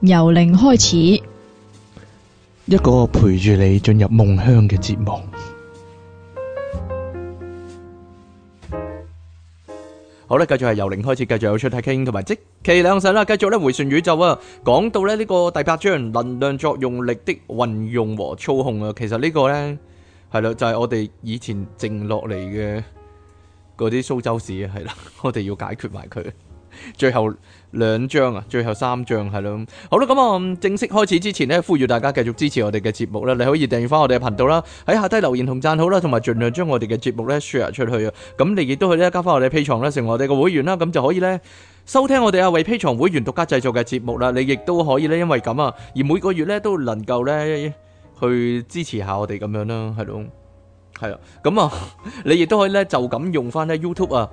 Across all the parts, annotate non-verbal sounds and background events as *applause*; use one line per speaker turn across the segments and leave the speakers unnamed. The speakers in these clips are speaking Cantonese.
由零開始，一
個陪住你進入夢鄉嘅節目。好啦，繼續係由零開始，繼續有出嚟傾，同埋即其兩神啦。繼續咧回旋宇宙啊，講到咧呢個第八章能量作用力的運用和操控啊，其實個呢個咧係啦，就係、是、我哋以前剩落嚟嘅嗰啲蘇州屎啊，係啦，我哋要解決埋佢。最後兩章啊，最後三章係咯，好啦，咁、嗯、啊，正式開始之前呢，呼籲大家繼續支持我哋嘅節目啦，你可以訂閱翻我哋嘅頻道啦，喺下低留言同讚好啦，同埋盡量將我哋嘅節目呢 share 出去啊，咁你亦都可以呢，加翻我哋嘅 P 場啦，成為我哋嘅會員啦，咁就可以呢，收聽我哋啊，偉 P 場會員獨家製作嘅節目啦，你亦都可以呢，因為咁啊，而每個月呢，都能夠呢，去支持下我哋咁樣啦，係咯，係啊，咁啊、嗯，你亦都可以呢，就咁用翻呢 YouTube 啊。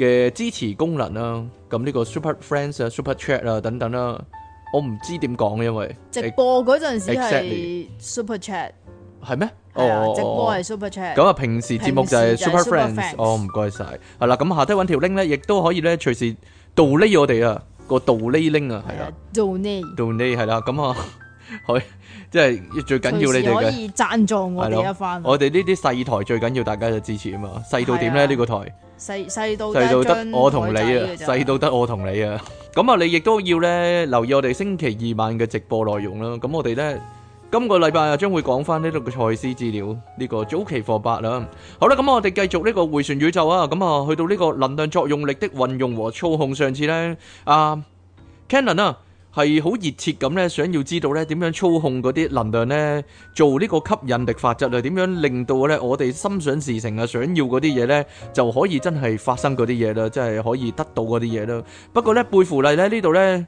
嘅支持功能啦，咁呢個 Super Friends 啊、Super Chat 啊等等啦，我唔知點講，因為直播嗰陣時係
Super Chat
係咩？哦，直播係 Super Chat。咁啊，平時節目就係 Super Friends。哦，唔該晒。係啦、啊，咁下低搵條 link 咧，亦都可以咧隨時 donate 我哋啊、個 donate link 啊，係啦，donate donate 係啦。咁啊，去即係最緊要你哋嘅
贊助我哋一番。啊、我
哋呢啲細台最緊要大家嘅支持、嗯、細啊嘛，細到點咧呢個台？
細細到得我同你啊，細
到得我同你啊，咁啊，你亦都要咧留意我哋星期二晚嘅直播內容啦。咁我哋咧今個禮拜啊，將會講翻呢度嘅賽斯資料呢個早期貨八啦。好啦，咁我哋繼續呢個迴旋宇宙啊。咁啊，去到呢個能量作用力的運用和操控，上次咧阿 Cannon 啊。係好熱切咁咧，想要知道咧點樣操控嗰啲能量呢，做呢個吸引力法則啊，點樣令到咧我哋心想事成啊，想要嗰啲嘢呢，就可以真係發生嗰啲嘢啦，真係可以得到嗰啲嘢啦。不過呢，貝芙麗喺呢度呢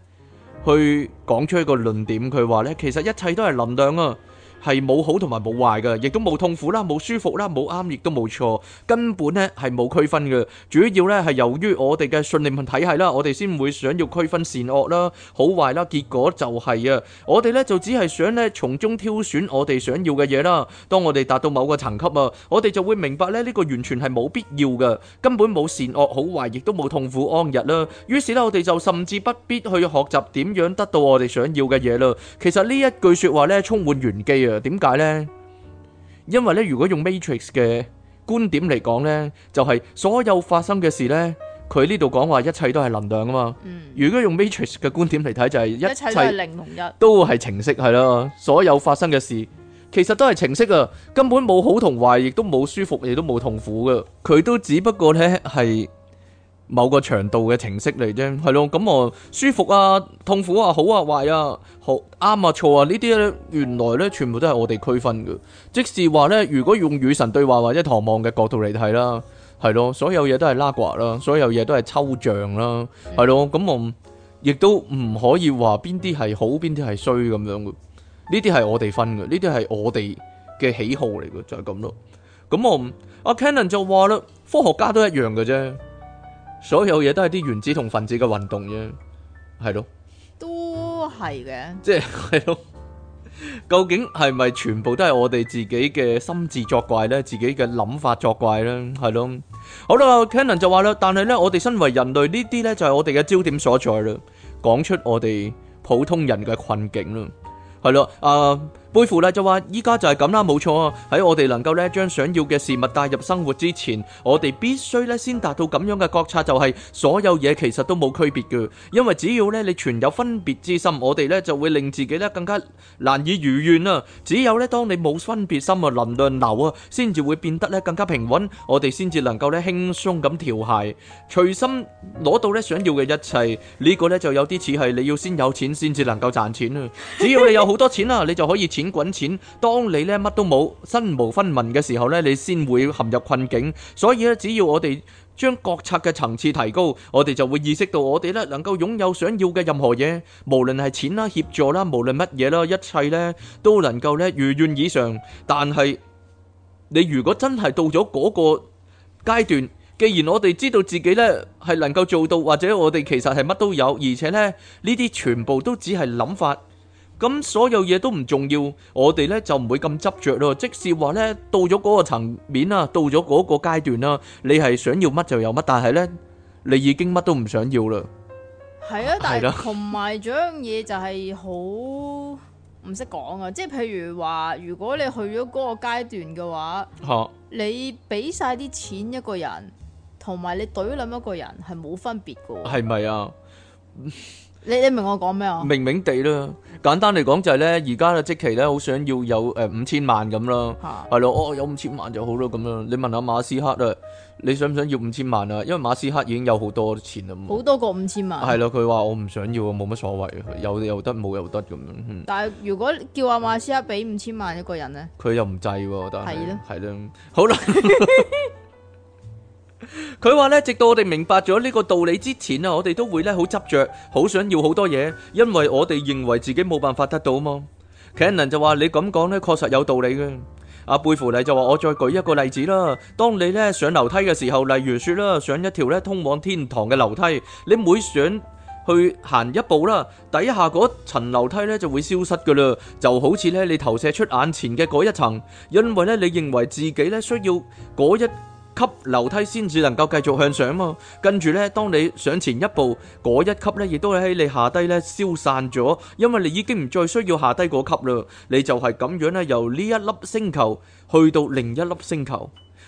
去講出一個論點，佢話呢，其實一切都係能量啊。係冇好同埋冇壞嘅，亦都冇痛苦啦，冇舒服啦，冇啱亦都冇錯，根本呢係冇區分嘅。主要呢係由於我哋嘅信念同體系啦，我哋先會想要區分善惡啦、好壞啦。結果就係啊，我哋呢就只係想呢從中挑選我哋想要嘅嘢啦。當我哋達到某個層級啊，我哋就會明白呢呢個完全係冇必要嘅，根本冇善惡、好壞，亦都冇痛苦、安逸啦。於是呢，我哋就甚至不必去學習點樣得到我哋想要嘅嘢啦。其實呢一句說話呢充滿玄機啊！點解呢？因為咧，如果用 matrix 嘅觀點嚟講呢就係、是、所有發生嘅事呢，佢呢度講話一切都係能量啊嘛。嗯、如果用 matrix 嘅觀點嚟睇，就係、是、一切都係程式係啦。所有發生嘅事，其實都係程式啊，根本冇好同壞，亦都冇舒服，亦都冇痛苦嘅。佢都只不過呢係。某個長度嘅程式嚟啫，係咯。咁我舒服啊，痛苦啊，好啊，壞啊，好啱啊，錯啊，呢啲咧原來咧全部都係我哋區分嘅。即是話咧，如果用與神對話或者唐望嘅角度嚟睇啦，係咯，所有嘢都係拉呱啦，所有嘢都係抽象啦，係咯，咁我亦都唔可以話邊啲係好，邊啲係衰咁樣嘅。呢啲係我哋分嘅，呢啲係我哋嘅喜好嚟嘅，就係咁咯。咁我阿、啊、Cannon 就話啦，科學家都一樣嘅啫。所有嘢都係啲原子同分子嘅運動啫，係咯，
都係嘅，即
係咯。究竟係咪全部都係我哋自己嘅心智作怪咧？自己嘅諗法，作怪咧？係咯。好啦，Cannon 就話啦，但係咧，我哋身為人類呢啲咧，就係我哋嘅焦點所在啦。講出我哋普通人嘅困境啦，係咯，啊、呃。背負咧就話依家就係咁啦，冇錯啊！喺我哋能夠咧將想要嘅事物帶入生活之前，我哋必須咧先達到咁樣嘅覺察，就係所有嘢其實都冇區別嘅。因為只要咧你存有分別之心，我哋咧就會令自己咧更加難以如願啊！只有咧當你冇分別心啊，能量流啊，先至會變得咧更加平穩，我哋先至能夠咧輕鬆咁調諧，隨心攞到咧想要嘅一切。這個、呢個咧就有啲似係你要先有錢先至能夠賺錢啊！只要你有好多錢啦、啊，你就可以錢滾錢，當你咧乜都冇，身無分文嘅時候咧，你先會陷入困境。所以咧，只要我哋將覺察嘅層次提高，我哋就會意識到我哋咧能夠擁有想要嘅任何嘢，無論係錢啦、協助啦，無論乜嘢啦，一切咧都能夠咧如願以償。但係你如果真係到咗嗰個階段，既然我哋知道自己咧係能夠做到，或者我哋其實係乜都有，而且咧呢啲全部都只係諗法。咁所有嘢都唔重要，我哋呢就唔會咁執着咯。即使話呢到咗嗰個層面啊，到咗嗰個階段啦，你係想要乜就有乜，但係呢你已經乜都唔想要啦。
係啊，但係同埋仲有樣嘢就係好唔識講啊，即係譬如話如果你去咗嗰個階段嘅話，你俾晒啲錢一個人，同埋你懟諗一個人係冇分別噶，係咪啊？你你明我講咩啊？
明明地啦，簡單嚟講就係咧，而家嘅即期咧好想要有誒、呃、五千萬咁啦，係咯的，我、哦、有五千萬就好咯咁樣。你問，問下馬斯克啊，你想唔想要五千萬啊？因為馬斯克已經有好多錢啦嘛，好
多過五千萬。係
咯，佢話我唔想要啊，冇乜所謂、嗯、有又得，冇又得咁樣。嗯、
但係如果叫阿馬斯克俾五千萬一個人咧，
佢又唔制喎。係咯，係咯的，好啦。佢話咧，直到我哋明白咗呢個道理之前啊，我哋都會咧好執着，好想要好多嘢，因為我哋認為自己冇辦法得到嘛。Cannon 就話你咁講咧，確實有道理嘅。阿貝芙麗就話我再舉一個例子啦，當你咧上樓梯嘅時候，例如說啦，上一條咧通往天堂嘅樓梯，你每上去行一步啦，底下嗰層樓梯咧就會消失噶啦，就好似咧你投射出眼前嘅嗰一層，因為咧你認為自己咧需要嗰一。級樓梯先至能夠繼續向上嘛，跟住咧，當你上前一步，嗰一級咧亦都係喺你下低咧消散咗，因為你已經唔再需要下低嗰級啦，你就係咁樣咧，由呢一粒星球去到另一粒星球。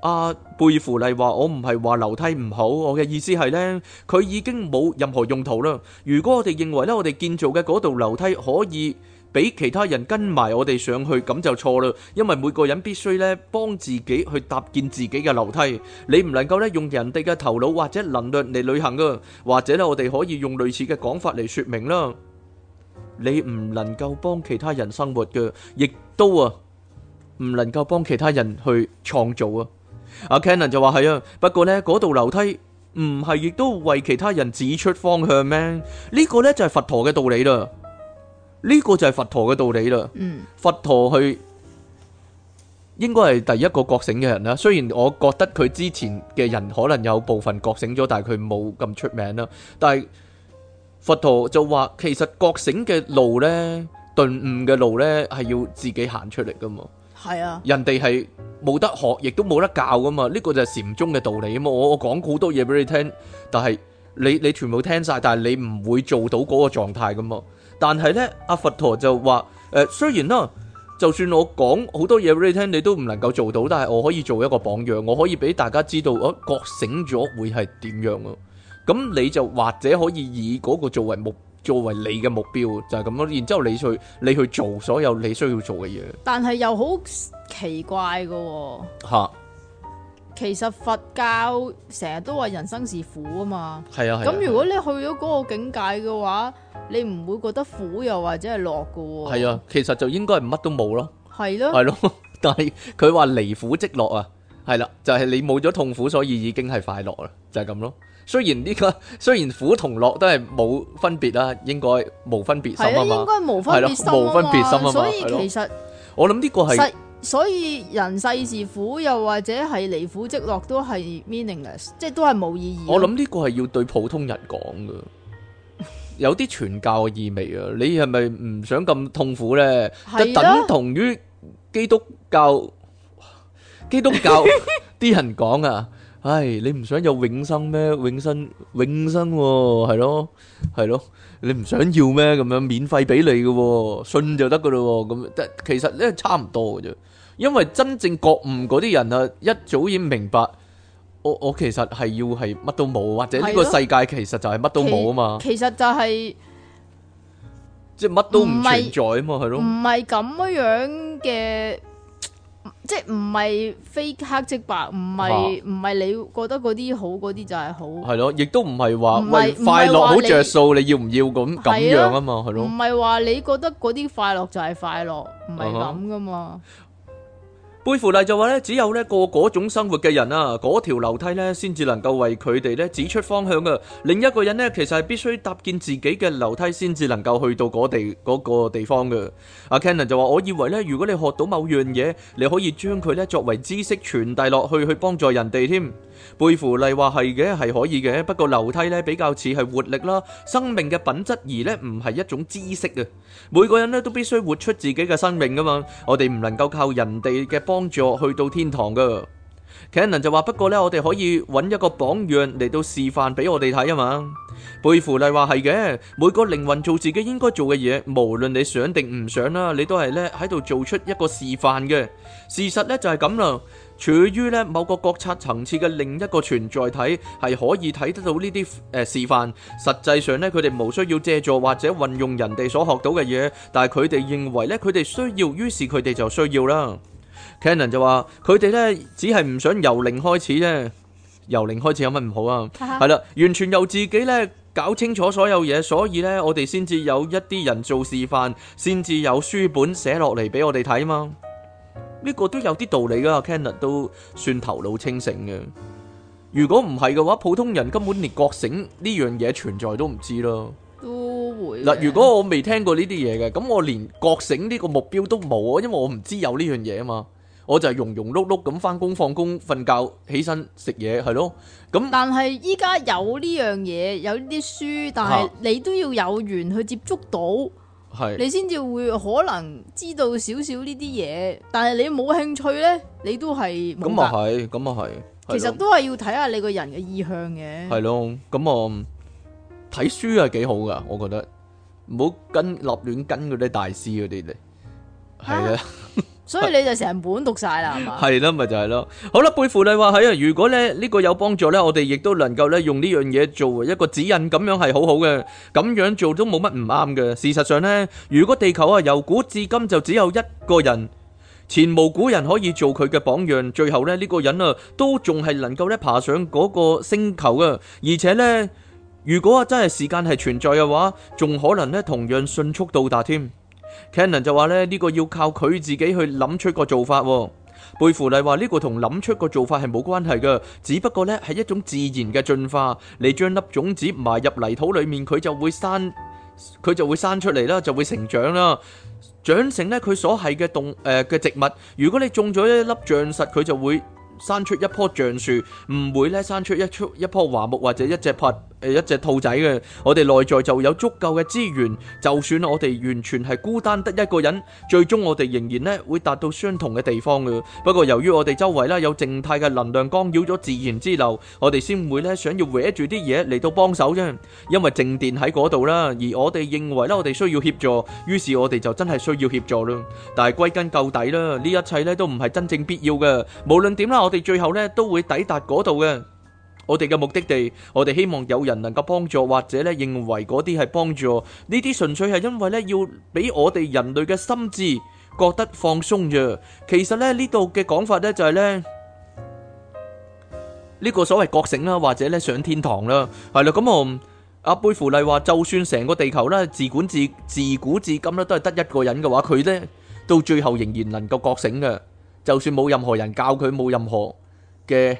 阿貝芙麗話：我唔係話樓梯唔好，我嘅意思係咧，佢已經冇任何用途啦。如果我哋認為咧，我哋建造嘅嗰度樓梯可以俾其他人跟埋我哋上去，咁就錯啦。因為每個人必須咧幫自己去搭建自己嘅樓梯，你唔能夠咧用人哋嘅頭腦或者能力嚟旅行噶，或者咧我哋可以用類似嘅講法嚟說明啦。你唔能夠幫其他人生活嘅，亦都啊唔能夠幫其他人去創造啊。阿 Canon 就話係啊，不過呢，嗰度樓梯唔係亦都為其他人指出方向咩？呢個呢就係佛陀嘅道理啦，呢個就係佛陀嘅道理啦。嗯，佛陀去應該係第一個覺醒嘅人啦。雖然我覺得佢之前嘅人可能有部分覺醒咗，但係佢冇咁出名啦。但係佛陀就話，其實覺醒嘅路呢，頓悟嘅路呢，係要自己行出嚟噶嘛。係啊，人哋係冇得學，亦都冇得教噶嘛。呢個就係禪宗嘅道理啊嘛。我我講好多嘢俾你聽，但係你你全部聽晒，但係你唔會做到嗰個狀態噶嘛。但係咧，阿佛陀就話誒、呃，雖然啦，就算我講好多嘢俾你聽，你都唔能夠做到，但係我可以做一個榜樣，我可以俾大家知道我、啊、覺醒咗會係點樣啊。咁你就或者可以以嗰個作為目。作為你嘅目標就係咁咯，然之後你去你去做所有你需要做嘅嘢。
但係又好奇怪嘅。吓，其實佛教成日都話人生是苦啊嘛。係啊。咁如果你去咗嗰個境界嘅話，你唔會覺得苦又或者係樂嘅？係啊，
其實就應該係乜都冇咯。
係咯。係
咯。但係佢話離苦即樂啊。係啦，就係你冇咗痛苦，所以已經係快樂啦，就係咁咯。雖然呢個，雖然苦同樂都係冇分別啦，應該冇分別心嘛。係啊，應該無分別心。係咯，無分別心啊嘛。所以其實我諗呢個係，
所以人世是苦，又或者係離苦即樂，都係 meaningless，即係都係冇意義。我諗
呢個係要對普通人講噶，有啲傳教嘅意味啊。你係咪唔想咁痛苦咧？就等同於基督教。基督教啲人講啊，唉，你唔想有永生咩？永生，永生係咯，係咯，你唔想要咩？咁樣免費俾你嘅，信就得噶啦。咁其實呢係差唔多嘅啫，因為真正覺悟嗰啲人啊，一早已明白，我，我其實係要係乜都冇，或者呢個世界其實就係乜都冇啊嘛。其
實就係即係乜都唔存
在啊嘛。係咯，
唔係咁樣嘅。即係唔係非黑即白，唔係唔係你覺得嗰啲好嗰啲就係好。
係咯，亦都唔係話快樂好着數，你，你要唔要咁咁樣啊嘛？係咯，唔
係話你覺得嗰啲快樂就係快樂，唔係咁噶嘛。Uh huh.
貝芙麗就話咧，只有咧過嗰種生活嘅人啊，嗰條樓梯咧先至能夠為佢哋咧指出方向嘅。另一個人咧，其實係必須搭建自己嘅樓梯先至能夠去到嗰地嗰、嗰個地方嘅。阿 Kenner 就話：我以為咧，如果你學到某樣嘢，你可以將佢咧作為知識傳遞落去，去幫助人哋添。貝芙麗話係嘅係可以嘅，不過樓梯咧比較似係活力啦，生命嘅品質而呢，唔係一種知識啊。每個人呢，都必須活出自己嘅生命噶嘛，我哋唔能夠靠人哋嘅幫助去到天堂噶。Canon 就話，不過呢，我哋可以揾一個榜樣嚟到示範俾我哋睇啊嘛。貝芙麗話係嘅，每個靈魂做自己應該做嘅嘢，無論你想定唔想啦，你都係呢喺度做出一個示範嘅。事實呢，就係咁啦。處於咧某個國策層次嘅另一個存在體，係可以睇得到呢啲誒示範。實際上咧，佢哋冇需要借助或者運用人哋所學到嘅嘢，但係佢哋認為咧，佢哋需要，於是佢哋就需要啦。Cannon 就話：佢哋咧只係唔想由零開始啫。由零開始有乜唔好啊？係啦， *laughs* 完全由自己咧搞清楚所有嘢，所以咧我哋先至有一啲人做示範，先至有書本寫落嚟俾我哋睇嘛。呢個都有啲道理噶，Canner 都算頭腦清醒嘅。如果唔係嘅話，普通人根本連覺醒呢樣嘢存在都唔知咯。
都會嗱，如果我
未聽過呢啲嘢嘅，咁我連覺醒呢個目標都冇啊，因為我唔知有呢樣嘢啊嘛。我就係庸庸碌碌咁返
工放工、瞓覺起身食嘢係咯。咁但係依家有呢樣嘢，有呢啲書，但係你都要有緣去接觸到。係是你先至會可能知道少少呢啲嘢，但係你冇興趣咧，你都係咁啊
係，咁啊係，就是，其實都
係要睇下你個人嘅意向嘅。係
咯，咁、嗯、啊，睇書係幾好噶，我覺得唔好跟立亂跟嗰啲大師嗰啲嚟，係啦。啊 *laughs*
*noise* 所以你就成本讀晒啦，係嘛？係
*noise* 啦，咪就係、是、咯。好啦，背負你話係啊，如果咧呢個有幫助呢，我哋亦都能夠咧用呢樣嘢作為一個指引，咁樣係好好嘅。咁樣做都冇乜唔啱嘅。事實上呢，如果地球啊由古至今就只有一個人，前無古人可以做佢嘅榜樣，最後呢，呢個人啊都仲係能夠咧爬上嗰個星球嘅。而且呢，如果真係時間係存在嘅話，仲可能咧同樣迅速到達添。Canon 就話咧呢個要靠佢自己去諗出個做法。貝芙利話呢個同諗出個做法係冇關係㗎，只不過呢係一種自然嘅進化，你將粒種子埋入泥土裏面，佢就會生，佢就會生出嚟啦，就會成長啦。長成呢佢所係嘅動誒嘅、呃、植物，如果你種咗一粒橡實，佢就會生出一棵橡樹，唔會咧生出一出一棵樺木或者一隻鶴。誒一隻兔仔嘅，我哋內在就有足夠嘅資源，就算我哋完全係孤單得一個人，最終我哋仍然咧會達到相同嘅地方嘅。不過由於我哋周圍啦有靜態嘅能量干擾咗自然之流，我哋先會咧想要搲住啲嘢嚟到幫手啫。因為靜電喺嗰度啦，而我哋認為啦，我哋需要協助，於是我哋就真係需要協助咯。但係歸根究底啦，呢一切咧都唔係真正必要嘅。無論點啦，我哋最後咧都會抵達嗰度嘅。我哋嘅目的地，我哋希望有人能夠幫助，或者咧認為嗰啲係幫助。呢啲純粹係因為咧要俾我哋人類嘅心智覺得放鬆啫。其實咧呢度嘅講法咧就係咧呢個所謂覺醒啦，或者咧上天堂啦，係啦。咁啊，阿貝芙麗話，就算成個地球啦，自管自自古至今啦，都係得一個人嘅話，佢咧到最後仍然能夠覺醒嘅，就算冇任何人教佢，冇任何嘅。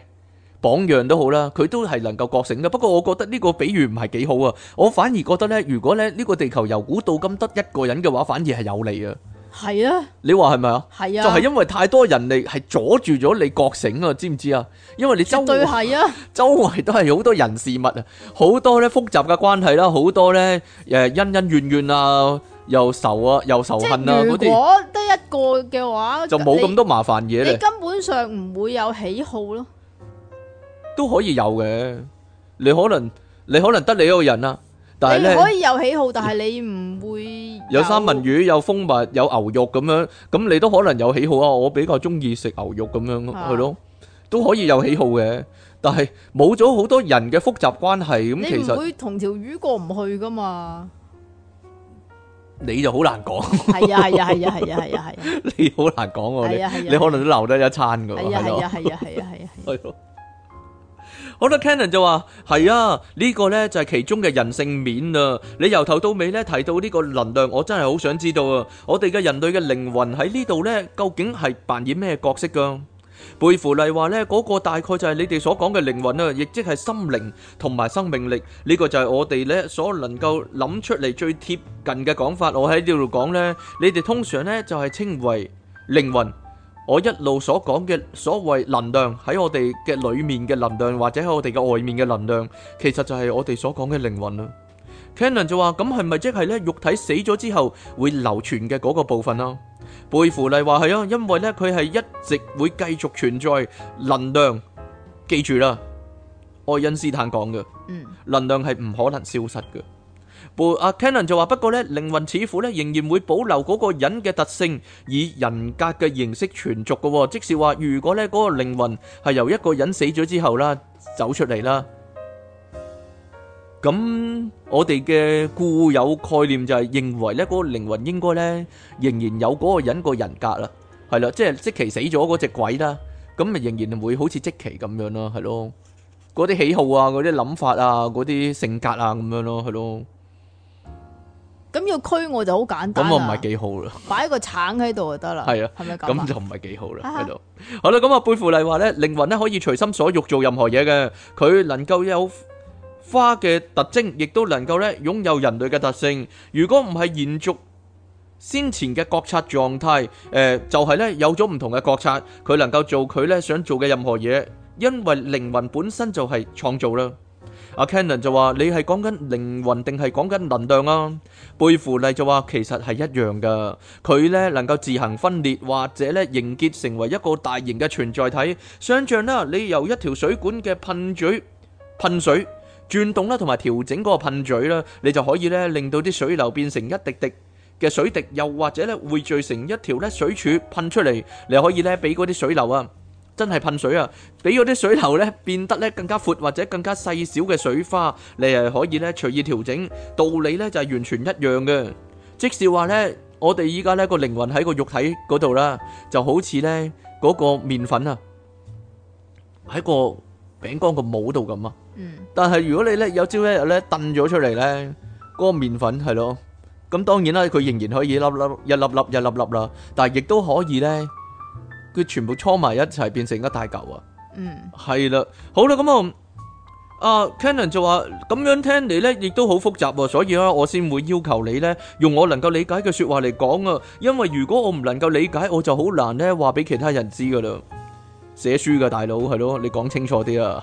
榜樣都好啦，佢都係能夠覺醒嘅。不過我覺得呢個比喻唔係幾好啊。我反而覺得咧，如果咧呢個地球由古到今得一個人嘅話，反而係有利啊。係啊，你話係咪啊？係啊，就係因為太多人嚟係阻住咗你覺醒啊，知唔知啊？因為你周圍啊，絕對係啊，周圍都係好多人事物啊，好多咧複雜嘅關係啦，好多咧誒恩恩怨怨啊，又仇啊，又仇恨啊嗰啲。如果
得一個嘅話，就冇咁多
麻煩嘢。你根
本上唔會有喜好咯。
都可以有嘅，你可能你可能得你一個人啦，但係你可以
有喜好，但係你唔會
有三文魚、有蜂蜜、有牛肉咁樣，咁你都可能有喜好啊！我比較中意食牛肉咁樣，係咯，都可以有喜好嘅。但係冇咗好多人嘅複雜關係，咁其實會
同條魚過唔去噶嘛？
你就好難講，係啊係啊係啊係啊係啊係啊，你好難講我你你可能都留得一餐噶，係啊係啊係啊係啊係啊係。好啦，Canon 就話：係啊，呢個咧就係其中嘅人性面啊！你由頭到尾咧提到呢個能量，我真係好想知道啊！我哋嘅人類嘅靈魂喺呢度咧，究竟係扮演咩角色㗎？貝芙麗話咧，嗰個大概就係你哋所講嘅靈魂啊，亦即係心靈同埋生命力。呢個就係我哋咧所能夠諗出嚟最貼近嘅講法。我喺呢度講咧，你哋通常咧就係稱為靈魂。我一路所講嘅所謂能量喺我哋嘅裏面嘅能量，或者喺我哋嘅外面嘅能量，其實就係我哋所講嘅靈魂啦。Cannon 就話：咁係咪即係呢肉體死咗之後會流傳嘅嗰個部分啊？貝芙麗話，係啊，因為呢佢係一直會繼續存在能量。記住啦，愛因斯坦講嘅，嗯，能量係唔可能消失嘅。博阿 Canon 就話，不過咧，靈魂似乎咧仍然會保留嗰個人嘅特性，以人格嘅形式存續噶。即是話，如果咧嗰個靈魂係由一個人死咗之後啦，走出嚟啦，咁我哋嘅固有概念就係認為咧嗰個靈魂應該咧仍然有嗰個人個人格啦，係啦，即係即其死咗嗰隻鬼啦，咁咪仍然會好似即其咁樣咯，係咯，嗰啲喜好啊，嗰啲諗法啊，嗰啲性格啊，咁樣咯，係咯。
咁要驅我就好簡單啦，咁我唔係
幾好啦，擺
一個橙喺度就得啦，係啊，咁就
唔係幾好啦喺度。好啦，咁啊背負例話咧，靈魂咧可以隨心所欲做任何嘢嘅，佢能夠有花嘅特徵，亦都能夠咧擁有人類嘅特性。如果唔係延續先前嘅覺察狀態，誒，就係咧有咗唔同嘅覺察，佢能夠做佢咧想做嘅任何嘢，因為靈魂本身就係創造啦。阿 Canon 就話：你係講緊靈魂定係講緊能量啊？貝芙麗就話，其實係一樣噶。佢咧能夠自行分裂或者咧凝結成為一個大型嘅存在體。想像咧，你由一條水管嘅噴嘴噴水，轉動咧同埋調整嗰個噴嘴咧，你就可以咧令到啲水流變成一滴滴嘅水滴，又或者咧匯聚成一條咧水柱噴出嚟，你可以咧俾嗰啲水流啊。真係噴水啊！俾嗰啲水頭咧變得咧更加闊或者更加細小嘅水花，你係可以咧隨意調整，道理咧就係完全一樣嘅。即是話咧，我哋依家咧個靈魂喺個肉體嗰度啦，就好似咧嗰個麵粉啊，喺個餅乾個模度咁啊。嗯。但係如果你咧有朝一日咧掟咗出嚟咧，嗰個麵粉係咯，咁當然啦，佢仍然可以粒粒一粒粒一粒粒啦，但係亦都可以咧。佢全部搓埋一齊，變成一大嚿、嗯、啊！嗯，係啦，好啦，咁啊，啊，Cannon 就話咁樣聽你咧，亦都好複雜喎，所以咧，我先會要求你咧，用我能夠理解嘅說話嚟講啊，因為如果我唔能夠理解，我就好難咧話俾其他人知噶啦。寫書嘅大佬係咯，你講清楚啲啊！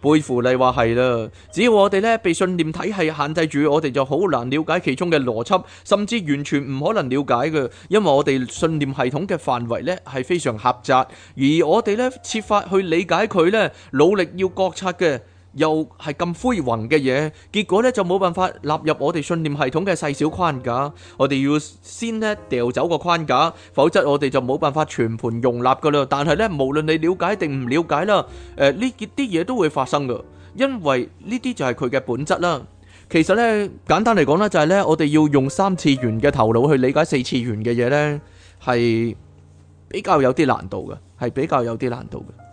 貝芙利話係啦，只要我哋咧被信念體系限制住，我哋就好難了解其中嘅邏輯，甚至完全唔可能了解嘅，因為我哋信念系統嘅範圍咧係非常狹窄，而我哋咧設法去理解佢咧，努力要覺察嘅。又係咁恢宏嘅嘢，結果咧就冇辦法納入我哋信念系統嘅細小框架。我哋要先咧掉走個框架，否則我哋就冇辦法全盤容納噶啦。但係咧，無論你了解定唔了解啦，誒呢結啲嘢都會發生噶，因為呢啲就係佢嘅本質啦。其實咧，簡單嚟講咧，就係咧，我哋要用三次元嘅頭腦去理解四次元嘅嘢咧，係比較有啲難度嘅，係比較有啲難度嘅。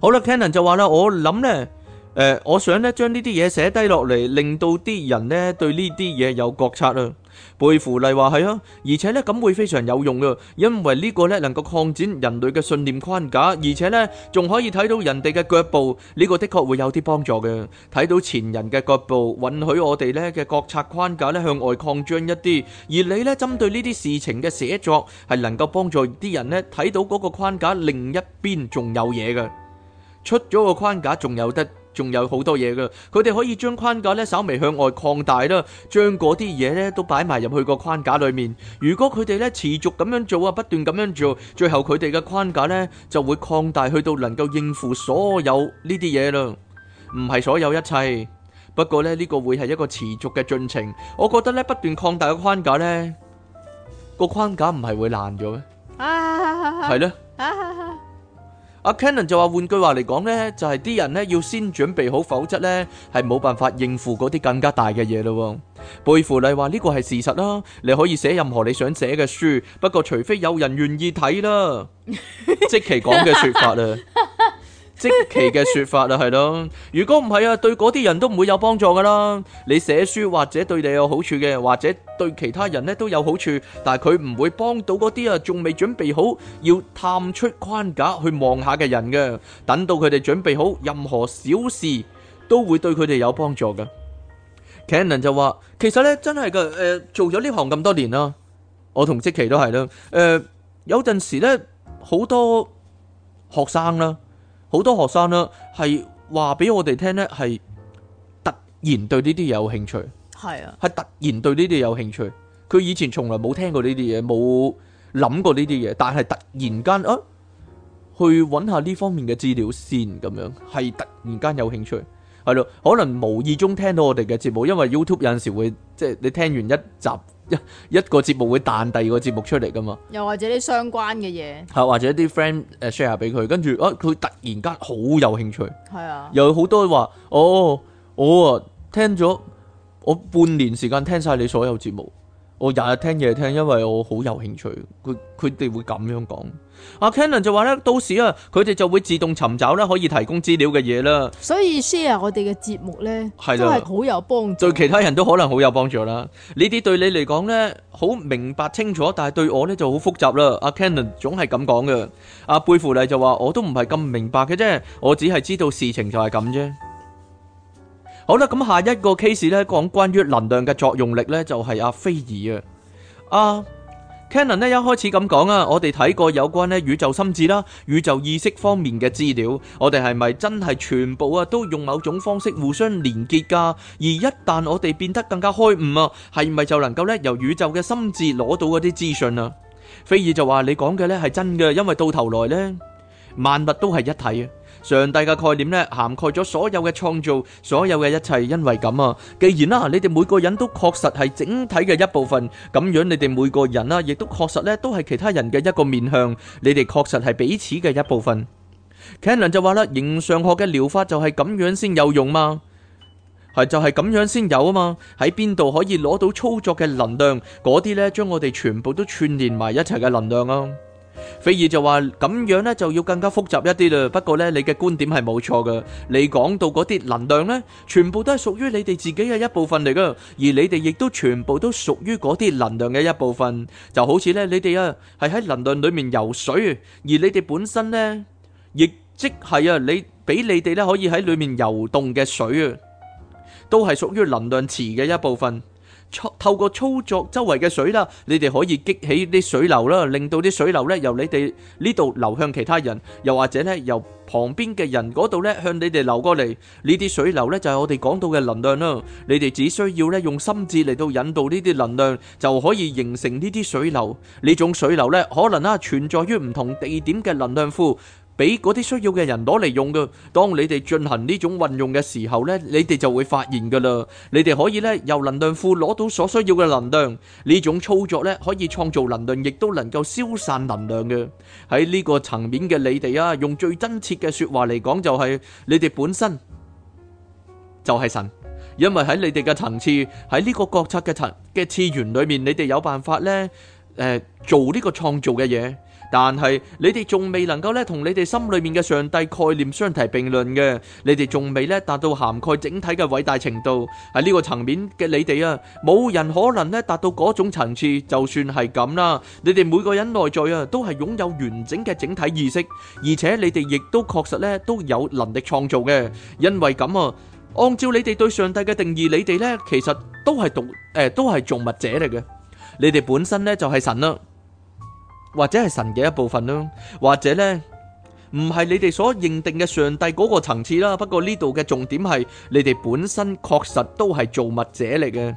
好啦，Canon 就話啦，我諗呢，誒，我想咧將呢啲嘢寫低落嚟，令到啲人呢對呢啲嘢有覺察啊。貝芙麗話係啊，而且呢咁會非常有用噶，因為呢個呢能夠擴展人類嘅信念框架，而且呢仲可以睇到人哋嘅腳步，呢個的確會有啲幫助嘅。睇到前人嘅腳步，允許我哋呢嘅覺察框架咧向外擴張一啲，而你呢針對呢啲事情嘅寫作係能夠幫助啲人呢睇到嗰個框架另一邊仲有嘢嘅。出咗個框架，仲有得，仲有好多嘢噶。佢哋可以將框架咧稍微向外擴大啦，將嗰啲嘢咧都擺埋入去個框架裏面。如果佢哋咧持續咁樣做啊，不斷咁樣做，最後佢哋嘅框架咧就會擴大去到能夠應付所有呢啲嘢啦。唔係所有一切，不過咧呢個會係一個持續嘅進程。我覺得咧不斷擴大嘅框架咧，個框架唔係會爛咗咩？
係咯。
阿 Canon 就話：換句話嚟講呢就係、是、啲人呢要先準備好，否則呢係冇辦法應付嗰啲更加大嘅嘢咯。貝芙麗話：呢個係事實啦，你可以寫任何你想寫嘅書，不過除非有人願意睇啦。即其講嘅說法啊。積奇嘅説法啊，係咯。如果唔係啊，對嗰啲人都唔會有幫助噶啦。你寫書或者對你有好處嘅，或者對其他人咧都有好處，但係佢唔會幫到嗰啲啊，仲未準備好要探出框架去望下嘅人嘅。等到佢哋準備好，任何小事都會對佢哋有幫助嘅。Cannon 就話：其實咧，真係嘅，誒、呃，做咗呢行咁多年啦、啊，我同積奇都係啦。誒、呃，有陣時咧，好多學生啦。好多學生呢，係話俾我哋聽呢，係突然對呢啲嘢有興趣，
係啊，
係突然對呢啲有興趣。佢以前從來冇聽過呢啲嘢，冇諗過呢啲嘢，但係突然間啊，去揾下呢方面嘅資料先咁樣，係突然間有興趣，係咯，可能無意中聽到我哋嘅節目，因為 YouTube 有陣時會即係你聽完一集。一一個節目會彈第二個節目出嚟噶嘛？
又或者啲相關嘅嘢，
吓 *noise* 或者啲 friend 誒 share 俾佢，跟住啊佢突然間好有興趣，係啊，有好多話哦，我、啊、聽咗我半年時間聽晒你所有節目。我日日聽夜聽，因為我好有興趣。佢佢哋會咁樣講。阿 Cannon 就話咧，到時啊，佢哋就會自動尋找咧，可以提供資料嘅嘢啦。
所以 share 我哋嘅節目咧，係都係好有幫
助。對其他人都可能好有幫助啦。呢啲對你嚟講咧，好明白清楚，但係對我咧就好複雜啦。阿 Cannon 總係咁講嘅。阿貝芙麗就話：我都唔係咁明白嘅啫，我只係知道事情就係咁啫。好啦，咁下一個 case 咧，講關於能量嘅作用力咧，就係阿菲爾啊。啊，Cannon 咧一開始咁講啊，我哋睇過有關咧宇宙心智啦、宇宙意識方面嘅資料，我哋係咪真係全部啊都用某種方式互相連結噶？而一旦我哋變得更加開悟啊，係咪就能夠咧由宇宙嘅心智攞到嗰啲資訊啊？菲爾就話你講嘅咧係真嘅，因為到頭來咧萬物都係一體啊。上帝嘅概念咧，涵蓋咗所有嘅創造，所有嘅一切，因為咁啊。既然啦，你哋每個人都確實係整體嘅一部分，咁樣你哋每個人啊，亦都確實咧，都係其他人嘅一個面向。你哋確實係彼此嘅一部分。Cannon 就話啦，形上學嘅療法就係咁樣先有用嘛，係就係咁樣先有啊嘛。喺邊度可以攞到操作嘅能量？嗰啲咧，將我哋全部都串聯埋一齊嘅能量啊！菲爾就話咁樣咧，就要更加複雜一啲啦。不過咧，你嘅觀點係冇錯嘅。你講到嗰啲能量咧，全部都係屬於你哋自己嘅一部分嚟噶。而你哋亦都全部都屬於嗰啲能量嘅一部分。就好似咧，你哋啊係喺能量裏面游水，而你哋本身咧亦即係啊，你俾你哋咧可以喺裏面游動嘅水啊，都係屬於能量池嘅一部分。透過操作周圍嘅水啦，你哋可以激起啲水流啦，令到啲水流咧由你哋呢度流向其他人，又或者咧由旁邊嘅人嗰度咧向你哋流過嚟。呢啲水流咧就係我哋講到嘅能量啦。你哋只需要咧用心智嚟到引導呢啲能量，就可以形成呢啲水流。呢種水流咧可能啊存在於唔同地點嘅能量庫。俾嗰啲需要嘅人攞嚟用嘅。當你哋進行呢種運用嘅時候咧，你哋就會發現噶啦。你哋可以咧由能量庫攞到所需要嘅能量。呢種操作咧可以創造能量，亦都能夠消散能量嘅。喺呢個層面嘅你哋啊，用最真切嘅說話嚟講，就係你哋本身就係神。因為喺你哋嘅層次，喺呢個覺察嘅層嘅次元裏面，你哋有辦法咧，誒做呢個創造嘅嘢。但係你哋仲未能夠咧同你哋心裏面嘅上帝概念相提並論嘅，你哋仲未咧達到涵蓋整體嘅偉大程度。喺呢個層面嘅你哋啊，冇人可能咧達到嗰種層次。就算係咁啦，你哋每個人內在啊都係擁有完整嘅整體意識，而且你哋亦都確實咧都有能力創造嘅。因為咁啊，按照你哋對上帝嘅定義，你哋咧其實都係眾誒都係造物者嚟嘅，你哋本身咧就係神啦。或者係神嘅一部分咯，或者咧唔係你哋所認定嘅上帝嗰個層次啦。不過呢度嘅重點係你哋本身確實都係造物者嚟嘅。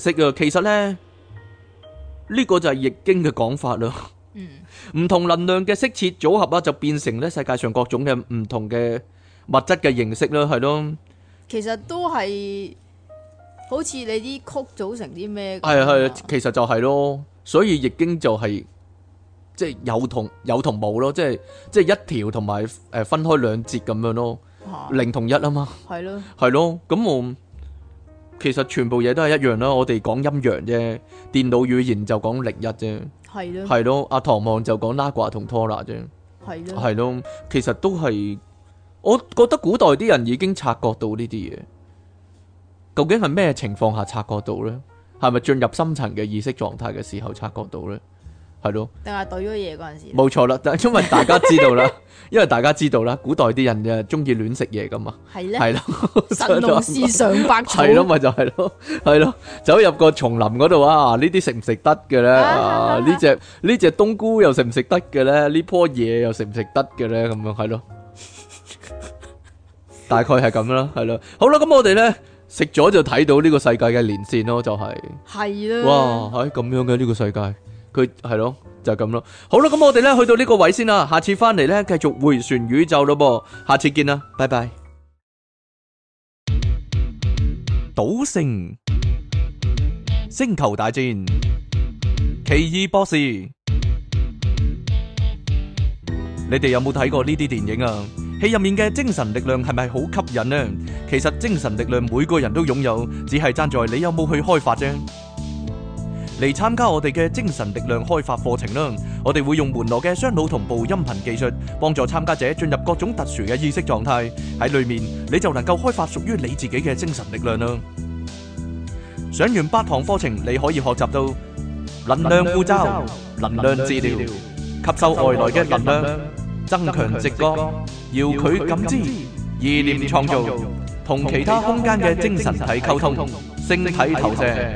色啊，其實咧呢個就係易經嘅講法啦。嗯，唔同能量嘅色彩組合啊，就變成咧世界上各種嘅唔同嘅物質嘅形式啦，係咯。
其實都係好似你啲曲組成啲咩？係係，
其實就係咯。所以易經就係即係有同有同冇咯，即係即係一條同埋誒分開兩節咁樣咯。零同一啊嘛，係咯，係咯，咁我。其實全部嘢都係一樣啦，我哋講陰陽啫，電腦語言就講零一啫，係
咯的，係
咯，阿、啊、唐望就講拉掛同拖拉啫，係咯的，係咯，其實都係，我覺得古代啲人已經察覺到呢啲嘢，究竟係咩情況下察覺到呢？係咪進入深層嘅意識狀態嘅時候察覺到呢？係咯，定
係懟咗嘢嗰陣時？冇
錯啦，但係因為大家知道啦，因為大家知道啦，古代啲人就中意亂食嘢噶嘛，係咧，係
咯，神農嘗百草，係咯，咪
就係咯，係咯，走入個叢林嗰度啊，呢啲食唔食得嘅咧？啊，呢隻呢隻冬菇又食唔食得嘅咧？呢棵嘢又食唔食得嘅咧？咁樣，係咯，大概係咁啦，係咯，好啦，咁我哋咧食咗就睇到呢個世界嘅連線咯，就係係啦，哇，係咁樣嘅呢個世界。佢係咯，就係咁咯。好啦，咁我哋咧去到呢個位先啦。下次翻嚟咧，繼續迴旋宇宙咯噃。下次見啦，拜拜。賭聖、 *music* 星球大戰、奇異博士，你哋有冇睇過呢啲電影啊？戲入面嘅精神力量係咪好吸引呢？其實精神力量每個人都擁有，只係爭在你有冇去開發啫。嚟參加我哋嘅精神力量開發課程啦！我哋會用門羅嘅雙腦同步音頻技術，幫助參加者進入各種特殊嘅意識狀態。喺裏面你就能夠開發屬於你自己嘅精神力量啦！上完八堂課程，你可以學習到能量護罩、能量治療、
吸收外來嘅能量、增強直覺、
遙距感知、意念創造、同其他空間嘅精神體溝通、星體投射。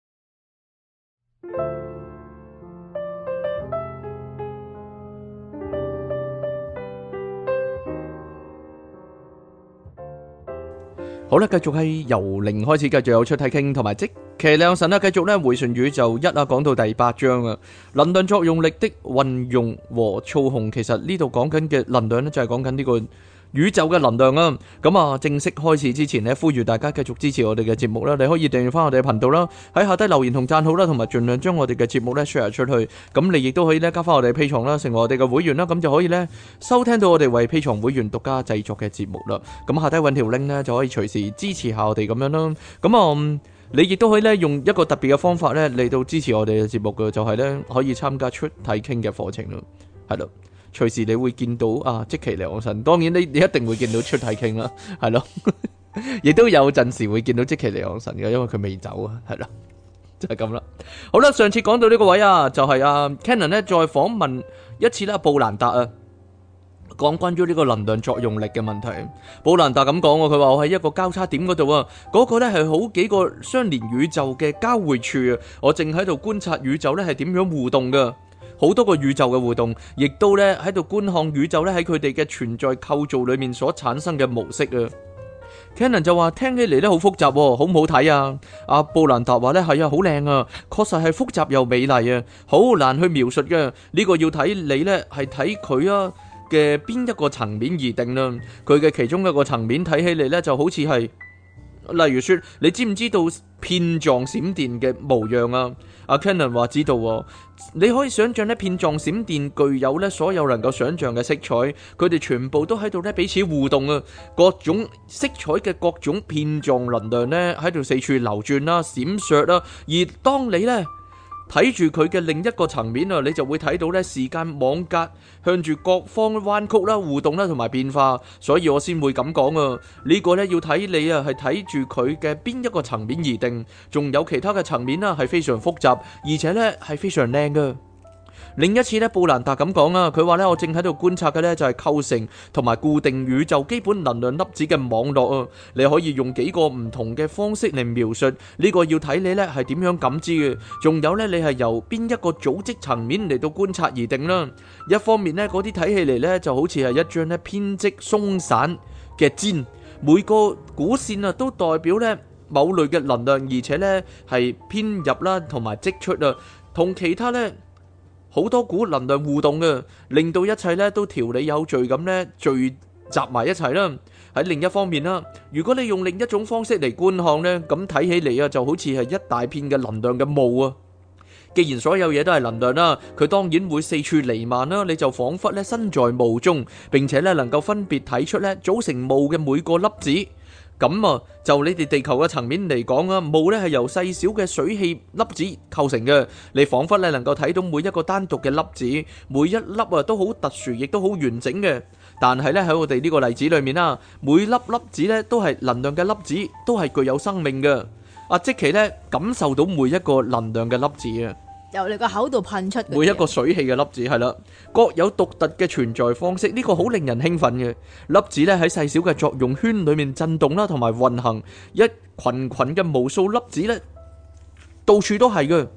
好啦，繼續係由零開始，繼續有出題傾同埋積奇亮神啊！繼續咧迴旋宇宙一啊，講到第八章啊，能量作用力的運用和操控，其實呢度講緊嘅能量咧就係講緊呢個。宇宙嘅能量啊！咁、嗯、啊，正式開始之前呢，呼籲大家繼續支持我哋嘅節目啦！你可以訂翻我哋頻道啦，喺下低留言同贊好啦，同埋儘量將我哋嘅節目咧 share 出去。咁、嗯、你亦都可以咧加翻我哋 P 重啦，成為我哋嘅會員啦，咁、嗯、就可以咧收聽到我哋為 P 重會員獨家製作嘅節目啦。咁、嗯、下低揾條 link 咧就可以隨時支持下我哋咁樣啦。咁、嗯、啊，你亦都可以咧用一個特別嘅方法咧嚟到支持我哋嘅節目嘅，就係、是、咧可以參加出題傾嘅課程咯。係咯。隨時你會見到啊，即奇尼昂神，當然你你一定會見到出太傾啦，係咯，亦 *laughs* 都有陣時會見到即奇尼昂神嘅，因為佢未走啊，係啦，就係咁啦。好啦，上次講到呢個位、就是、啊，就係啊 Cannon 咧，再訪問一次啦、啊，布蘭達啊，講關於呢個能量作用力嘅問題。布蘭達咁講喎，佢話我喺一個交叉點嗰度啊，嗰、嗰個咧係好幾個相連宇宙嘅交匯處啊，我正喺度觀察宇宙咧係點樣互動嘅。好多個宇宙嘅互動，亦都咧喺度觀看宇宙咧喺佢哋嘅存在構造裏面所產生嘅模式啊。Cannon 就話聽起嚟咧好複雜，好唔好睇啊？阿布蘭達話咧係啊，好靚啊，確實係複雜又美麗啊，好難去描述嘅。呢個要睇你咧係睇佢啊嘅邊一個層面而定啦。佢嘅其中一個層面睇起嚟咧就好似係。例如說，你知唔知道片狀閃電嘅模樣啊？阿 Kenan 話知道、哦，你可以想象一片狀閃電具有咧所有能夠想象嘅色彩，佢哋全部都喺度咧彼此互動啊，各種色彩嘅各種片狀能量呢，喺度四處流轉啦、閃爍啦，而當你呢。睇住佢嘅另一個層面啊，你就會睇到咧時間網格向住各方彎曲啦、互動啦同埋變化，所以我先會咁講啊。呢、這個咧要睇你啊，係睇住佢嘅邊一個層面而定，仲有其他嘅層面啊，係非常複雜，而且咧係非常靚嘅。另一次咧，布蘭達咁講啊，佢話咧，我正喺度觀察嘅咧就係構成同埋固定宇宙基本能量粒子嘅網絡啊。你可以用幾個唔同嘅方式嚟描述呢個，要睇你咧係點樣感知嘅。仲有咧，你係由邊一個組織層面嚟到觀察而定啦。一方面咧，嗰啲睇起嚟咧就好似係一張咧編織鬆散嘅氈，每個股線啊都代表咧某類嘅能量，而且咧係偏入啦同埋積出啊，同其他咧。好多股能量互動嘅，令到一切咧都條理有序咁咧聚集埋一齊啦。喺另一方面啦，如果你用另一種方式嚟觀看咧，咁睇起嚟啊就好似係一大片嘅能量嘅霧啊。既然所有嘢都係能量啦，佢當然會四處瀰漫啦。你就彷彿咧身在霧中，並且咧能夠分別睇出咧組成霧嘅每個粒子。咁啊，就你哋地球嘅層面嚟講啊，霧咧係由細小嘅水汽粒子構成嘅。你仿佛咧能夠睇到每一個單獨嘅粒子，每一粒啊都好特殊，亦都好完整嘅。但係咧喺我哋呢個例子裏面啊，每粒粒子咧都係能量嘅粒子，都係具有生命嘅。啊，即其咧感受到每一個能量嘅粒子啊。
由你個口度噴出每一
個水氣嘅粒子係啦，各有獨特嘅存在方式。呢個好令人興奮嘅粒子咧，喺細小嘅作用圈裏面震動啦，同埋運行一群群嘅無數粒子咧，到處都係嘅。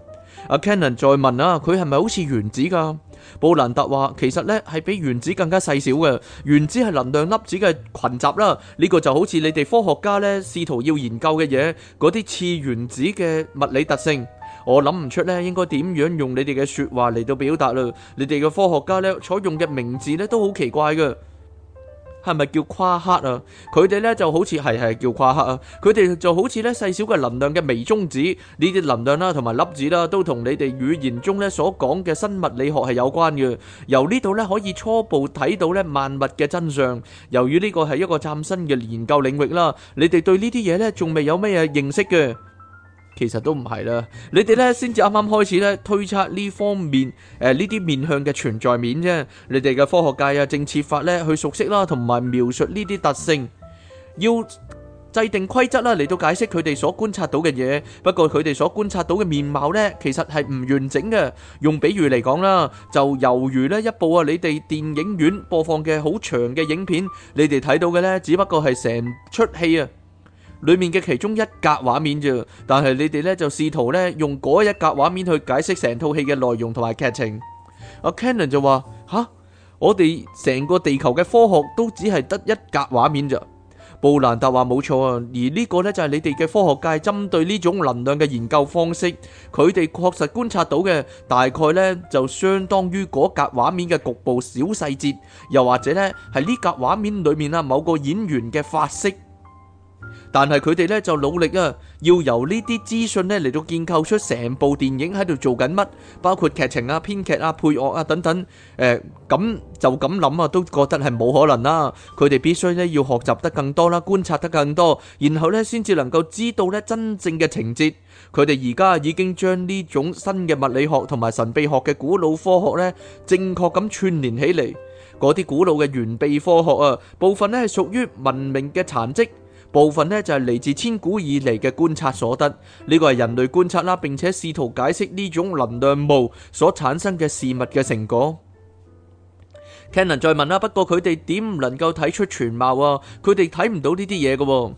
阿 Cannon 再問啊，佢係咪好似原子噶？布蘭特話，其實咧係比原子更加細小嘅，原子係能量粒子嘅群集啦。呢個就好似你哋科學家咧，試圖要研究嘅嘢，嗰啲次原子嘅物理特性。我諗唔出咧，應該點樣用你哋嘅說話嚟到表達啦？你哋嘅科學家咧採用嘅名字咧都好奇怪嘅，係咪叫夸克啊？佢哋咧就好似係係叫夸克啊？佢哋就好似咧細小嘅能量嘅微中子呢啲能量啦，同埋粒子啦，都同你哋語言中咧所講嘅新物理學係有關嘅。由呢度咧可以初步睇到咧萬物嘅真相。由於呢個係一個嶄新嘅研究領域啦，你哋對呢啲嘢咧仲未有咩嘢認識嘅。其實都唔係啦，你哋咧先至啱啱開始咧推測呢方面誒呢啲面向嘅存在面啫。你哋嘅科學界啊正設法咧去熟悉啦，同埋描述呢啲特性，要制定規則啦嚟到解釋佢哋所觀察到嘅嘢。不過佢哋所觀察到嘅面貌咧，其實係唔完整嘅。用比喻嚟講啦，就猶如咧一部啊你哋電影院播放嘅好長嘅影片，你哋睇到嘅咧只不過係成出戲啊，裏面嘅其中一格畫面啫，但係你哋咧就試圖咧用嗰一格畫面去解釋成套戲嘅內容同埋劇情。阿 Kenan 就話：吓，我哋成個地球嘅科學都只係得一格畫面啫。布蘭達話：冇錯啊，而呢個咧就係你哋嘅科學界針對呢種能量嘅研究方式，佢哋確實觀察到嘅大概咧就相當於嗰一格畫面嘅局部小細節，又或者咧係呢格畫面裏面啊某個演員嘅髮色。但係佢哋咧就努力啊，要由呢啲資訊咧嚟到建構出成部電影喺度做緊乜，包括劇情啊、編劇啊、配樂啊等等。誒、呃，咁就咁諗啊，都覺得係冇可能啦。佢哋必須咧要學習得更多啦，觀察得更多，然後咧先至能夠知道咧真正嘅情節。佢哋而家已經將呢種新嘅物理學同埋神秘學嘅古老科學咧，正確咁串聯起嚟。嗰啲古老嘅原秘科學啊，部分咧係屬於文明嘅殘跡。部分呢就係嚟自千古以嚟嘅觀察所得，呢個係人類觀察啦，並且試圖解釋呢種能量霧所產生嘅事物嘅成果。Canon 再問啦， *noise* 不過佢哋點唔能夠睇出全貌啊？佢哋睇唔到呢啲嘢嘅。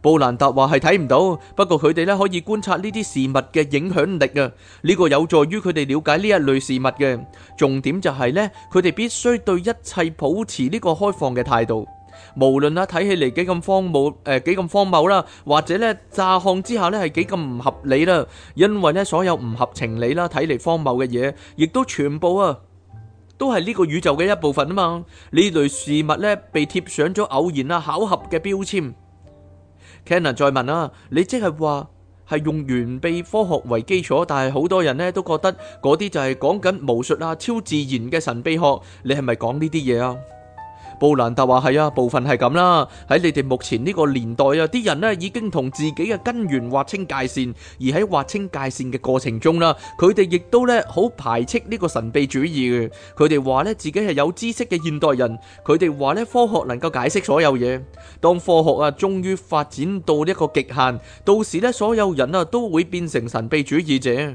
布蘭達話係睇唔到，不過佢哋呢可以觀察呢啲事物嘅影響力啊，呢、這個有助於佢哋了解呢一類事物嘅。重點就係、是、呢，佢哋必須對一切保持呢個開放嘅態度。無論啊，睇起嚟幾咁荒謬，誒幾咁荒謬啦、呃，或者咧乍看之下咧係幾咁唔合理啦，因為咧所有唔合情理啦、睇嚟荒謬嘅嘢，亦都全部啊都係呢個宇宙嘅一部分啊嘛。呢類事物咧被貼上咗偶然啊巧合嘅標籤。Cannon 再問啊，你即係話係用完備科學為基礎，但係好多人咧都覺得嗰啲就係講緊巫術啊、超自然嘅神秘學，你係咪講呢啲嘢啊？布蘭達話：係啊，部分係咁啦。喺你哋目前呢個年代啊，啲人呢已經同自己嘅根源劃清界線，而喺劃清界線嘅過程中啦，佢哋亦都咧好排斥呢個神秘主義嘅。佢哋話咧自己係有知識嘅現代人，佢哋話咧科學能夠解釋所有嘢。當科學啊終於發展到一個極限，到時咧所有人啊都會變成神秘主義者。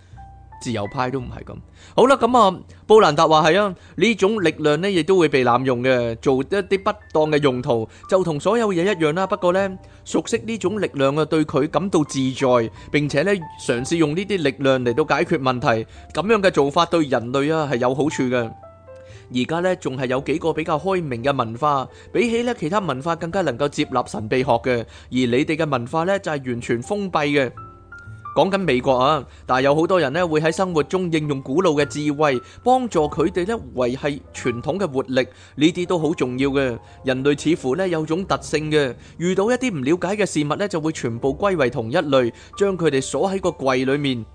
自由派都唔係咁好啦，咁啊，布蘭達話係啊，呢種力量呢亦都會被濫用嘅，做一啲不當嘅用途，就同所有嘢一樣啦。不過呢，熟悉呢種力量嘅對佢感到自在，並且呢嘗試用呢啲力量嚟到解決問題，咁樣嘅做法對人類啊係有好處嘅。而家呢仲係有幾個比較開明嘅文化，比起呢其他文化更加能夠接納神祕學嘅，而你哋嘅文化呢就係完全封閉嘅。講緊美國啊，但係有好多人咧會喺生活中應用古老嘅智慧，幫助佢哋咧維繫傳統嘅活力，呢啲都好重要嘅。人類似乎咧有種特性嘅，遇到一啲唔了解嘅事物咧，就會全部歸為同一類，將佢哋鎖喺個櫃裏面。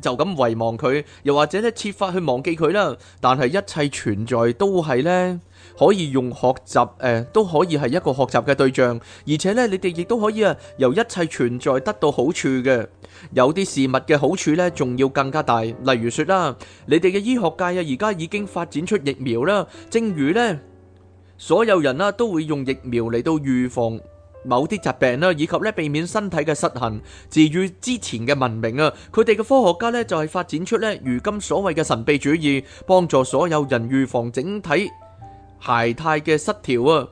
就咁遺忘佢，又或者咧設法去忘記佢啦。但係一切存在都係呢，可以用學習，誒、呃、都可以係一個學習嘅對象，而且呢，你哋亦都可以啊由一切存在得到好處嘅。有啲事物嘅好處呢，仲要更加大，例如説啦，你哋嘅醫學界啊而家已經發展出疫苗啦。正如呢，所有人啊都會用疫苗嚟到預防。某啲疾病啦，以及咧避免身體嘅失衡。至於之前嘅文明啊，佢哋嘅科學家咧就係發展出咧如今所謂嘅神秘主義，幫助所有人預防整體攜態嘅失調啊。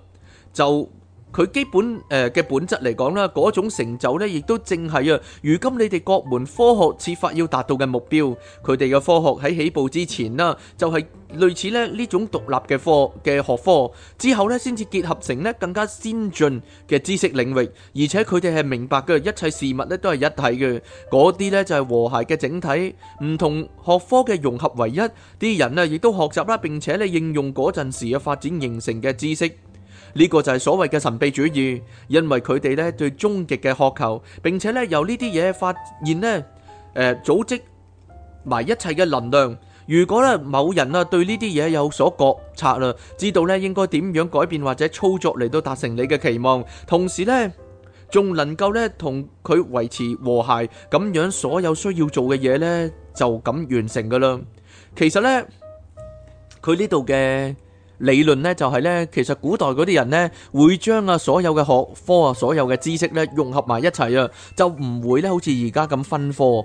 就佢基本誒嘅本質嚟講啦，嗰種成就咧亦都正係啊，如今你哋各門科學設法要達到嘅目標。佢哋嘅科學喺起步之前啦，就係。類似咧呢種獨立嘅科嘅學科之後咧，先至結合成咧更加先進嘅知識領域，而且佢哋係明白嘅一切事物咧都係一體嘅，嗰啲咧就係和諧嘅整體，唔同學科嘅融合為一，啲人咧，亦都學習啦，並且咧應用嗰陣時嘅發展形成嘅知識，呢個就係所謂嘅神秘主義，因為佢哋咧對終極嘅渴求，並且咧由呢啲嘢發現咧，誒組織埋一切嘅能量。如果咧某人啊對呢啲嘢，有所覺察啦，知道咧應該點樣改變或者操作嚟，到達成你嘅期望，同時呢仲能夠呢同佢維持和諧，咁樣所有需要做嘅嘢呢就咁完成噶啦。其實呢佢呢度嘅理論呢就係呢，其實古代嗰啲人呢會將啊所有嘅學科啊所有嘅知識呢融合埋一齊啊，就唔會咧好似而家咁分科。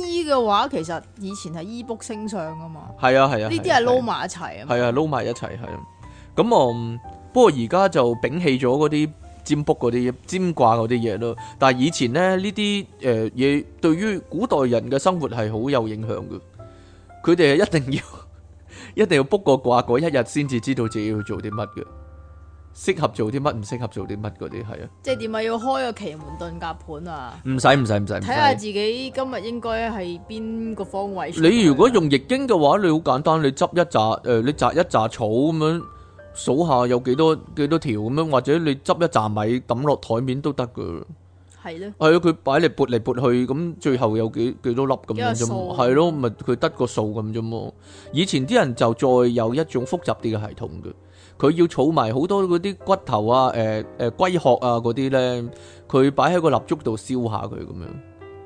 醫嘅話，其實以前係醫卜星相啊嘛，
係啊係啊，呢啲係撈埋一齊啊，係啊撈埋一齊係。咁啊、嗯，不過而家就摒棄咗嗰啲占卜嗰啲嘢、占卦嗰啲嘢咯。但係以前咧呢啲誒嘢，呃、對於古代人嘅生活係好有影響嘅。佢哋係一定要， *laughs* 一定要卜個卦，嗰一日先至知道自己要做啲乜嘅。適合做啲乜，唔適合做啲乜嗰啲，係啊。
即係點解要開個奇門遁甲盤啊？
唔使唔使唔使，睇下
自己今日應該係邊個方位。你如
果用易經嘅話，你好簡單，你執一紮誒，你執一紮草咁樣，數下有幾多幾多條咁樣，或者你執一紮米抌落台面都得噶。係咯。係咯，佢擺嚟撥嚟撥去，咁最後有幾幾多粒咁樣啫嘛？係咯，咪佢得個數咁啫嘛？以前啲人就再有一種複雜啲嘅系統嘅。佢要儲埋好多嗰啲骨頭啊，誒誒龜殼啊嗰啲咧，佢擺喺個蠟燭度燒下佢咁樣。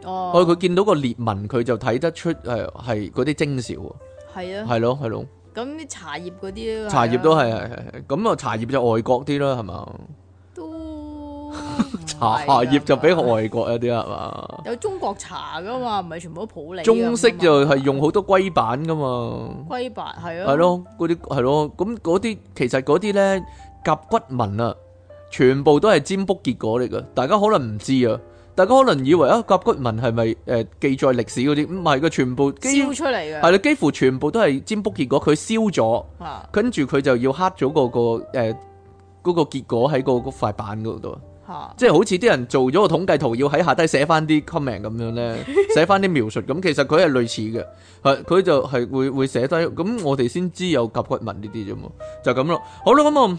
哦，所以佢、哦、
見到個裂紋，佢就睇得出係係嗰啲精兆喎。係啊，係咯，係
咯。咁啲、啊、茶葉嗰啲，茶葉都係
係係，咁啊茶葉就外國啲啦，係嘛？茶葉就比外國一啲係嘛？ *laughs*
有中國茶噶嘛？唔係全部都普洱。中式
就係用好多龜板噶嘛？
龜板係咯。係咯，
嗰啲係咯，咁啲其實嗰啲咧甲骨文啊，全部都係占卜結果嚟噶。大家可能唔知啊，大家可能以為啊，甲骨文係咪誒記載歷史嗰啲？唔係，佢全部燒出嚟嘅。係啦，幾乎全部都係占卜結果，佢燒咗，跟住佢就要刻咗嗰、嗰個誒、呃嗰個結果喺、嗰個嗰塊板嗰度。即係好似啲人做咗個統計圖，要喺下低寫翻啲 comment 咁樣咧，寫翻啲描述咁，其實佢係類似嘅，係佢就係會會寫低，咁我哋先知有甲骨文呢啲啫嘛，就咁咯，好啦咁啊。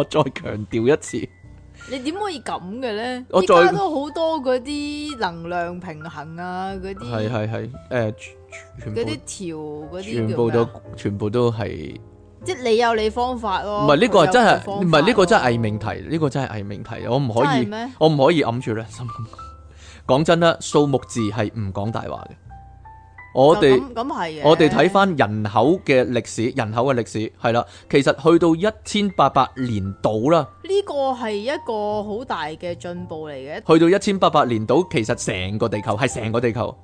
我再強調一次，
你點可以咁嘅咧？而家都好多嗰啲能量平衡啊，嗰啲係係
係誒，全嗰啲調嗰啲全部都麼全部都係，
即係你有你方法咯。唔係呢個真係唔係呢個
真係偽命題，呢個真係偽命題。我唔可以，我唔可以揞住良心。講真啦，數目字係唔講大話嘅。我哋咁係我哋睇翻人口嘅歷史，人口嘅歷史係啦，其實去到一千八百年度啦，
呢個係一個好大嘅進步嚟嘅。去
到一千八百年度，其實成個地球係成個地球，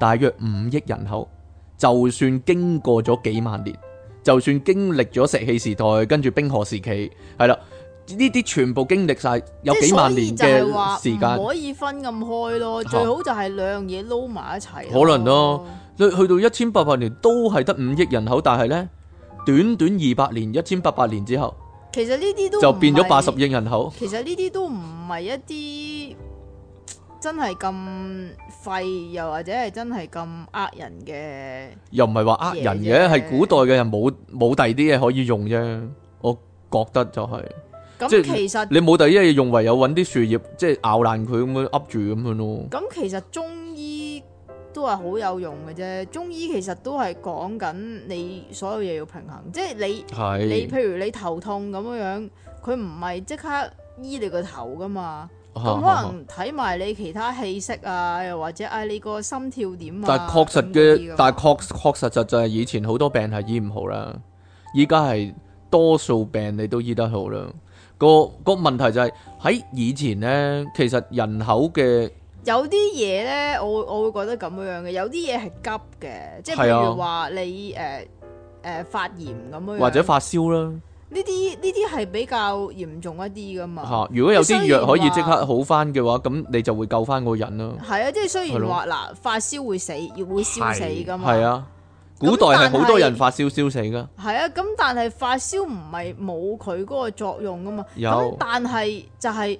大約五億人口，就算經過咗幾萬年，就算經歷咗石器時代，跟住冰河時期，係啦，呢啲全部經歷晒，有幾萬年嘅時間，可
以分咁開咯，好最好就係兩樣嘢撈埋一齊，可能
咯。去到一千八百年都係得五億人口，但係咧短短二百年，一千八百年之後，
其實呢啲都就變咗八十億人口。其實呢啲都唔係一啲真係咁廢，又或者係真係咁呃人嘅。又唔係話呃人嘅，係古
代嘅人冇冇第二啲嘢可以用啫。我覺得就係，
即係其實你冇
第二啲嘢用，唯有搵啲樹葉，即係咬爛佢咁樣噏住咁樣咯。
咁其實中醫。都係好有用嘅啫，中醫其實都係講緊你所有嘢要平衡，即係你是你譬如你頭痛咁樣樣，佢唔係即刻醫你個頭噶嘛，
咁是可能
睇埋是你其他氣息啊，又或者啊你個心跳點啊，但係確實嘅，但
係確確實就就係以前好多病係醫唔好啦，依家係多數病你都醫得好啦，個個問題就係、是、喺以前呢，其實人口嘅。
有啲嘢咧，我會我會覺得咁樣嘅，有啲嘢係急嘅，即係譬如話你誒誒、啊呃、發炎咁樣，或者發燒啦，呢啲呢啲係比較嚴重一啲噶嘛。嚇、啊，如果有啲藥可以即刻
好翻嘅話，咁你就會救翻個人咯。係
啊，即係雖然話嗱發燒會死，會燒死噶嘛。係啊，
古代係好多人發燒燒死噶。
係啊，咁但係發燒唔係冇佢嗰個作用噶嘛。有，但係就係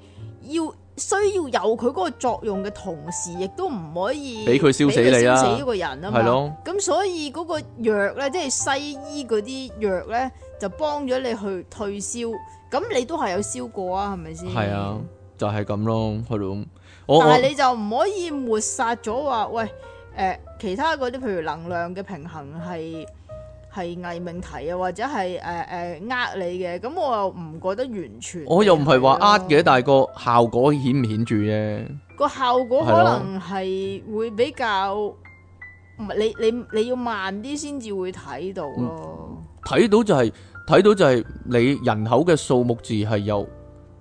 要。需要有佢嗰個作用嘅同時，亦都唔可以俾佢燒，燒死你啊！燒死呢個人啊嘛，咁對咯 所以嗰個藥咧，即係西醫嗰啲藥咧，就幫咗你去退燒。咁你都係有燒過啊，係咪先？係啊，
就係、是、咁咯，係咯。但係你
就唔可以抹殺咗話，喂，誒、呃，其他嗰啲譬如能量嘅平衡係。係偽命題啊，或者係誒誒呃，呃你嘅，咁我又唔覺得完全。我又唔係
話呃嘅，的但係個效果顯唔顯著啫。
個效果可能係會比較，唔係的你你你要慢啲先至會睇到咯。嗯、
睇到就係、是、睇到就係你人口嘅數目字係由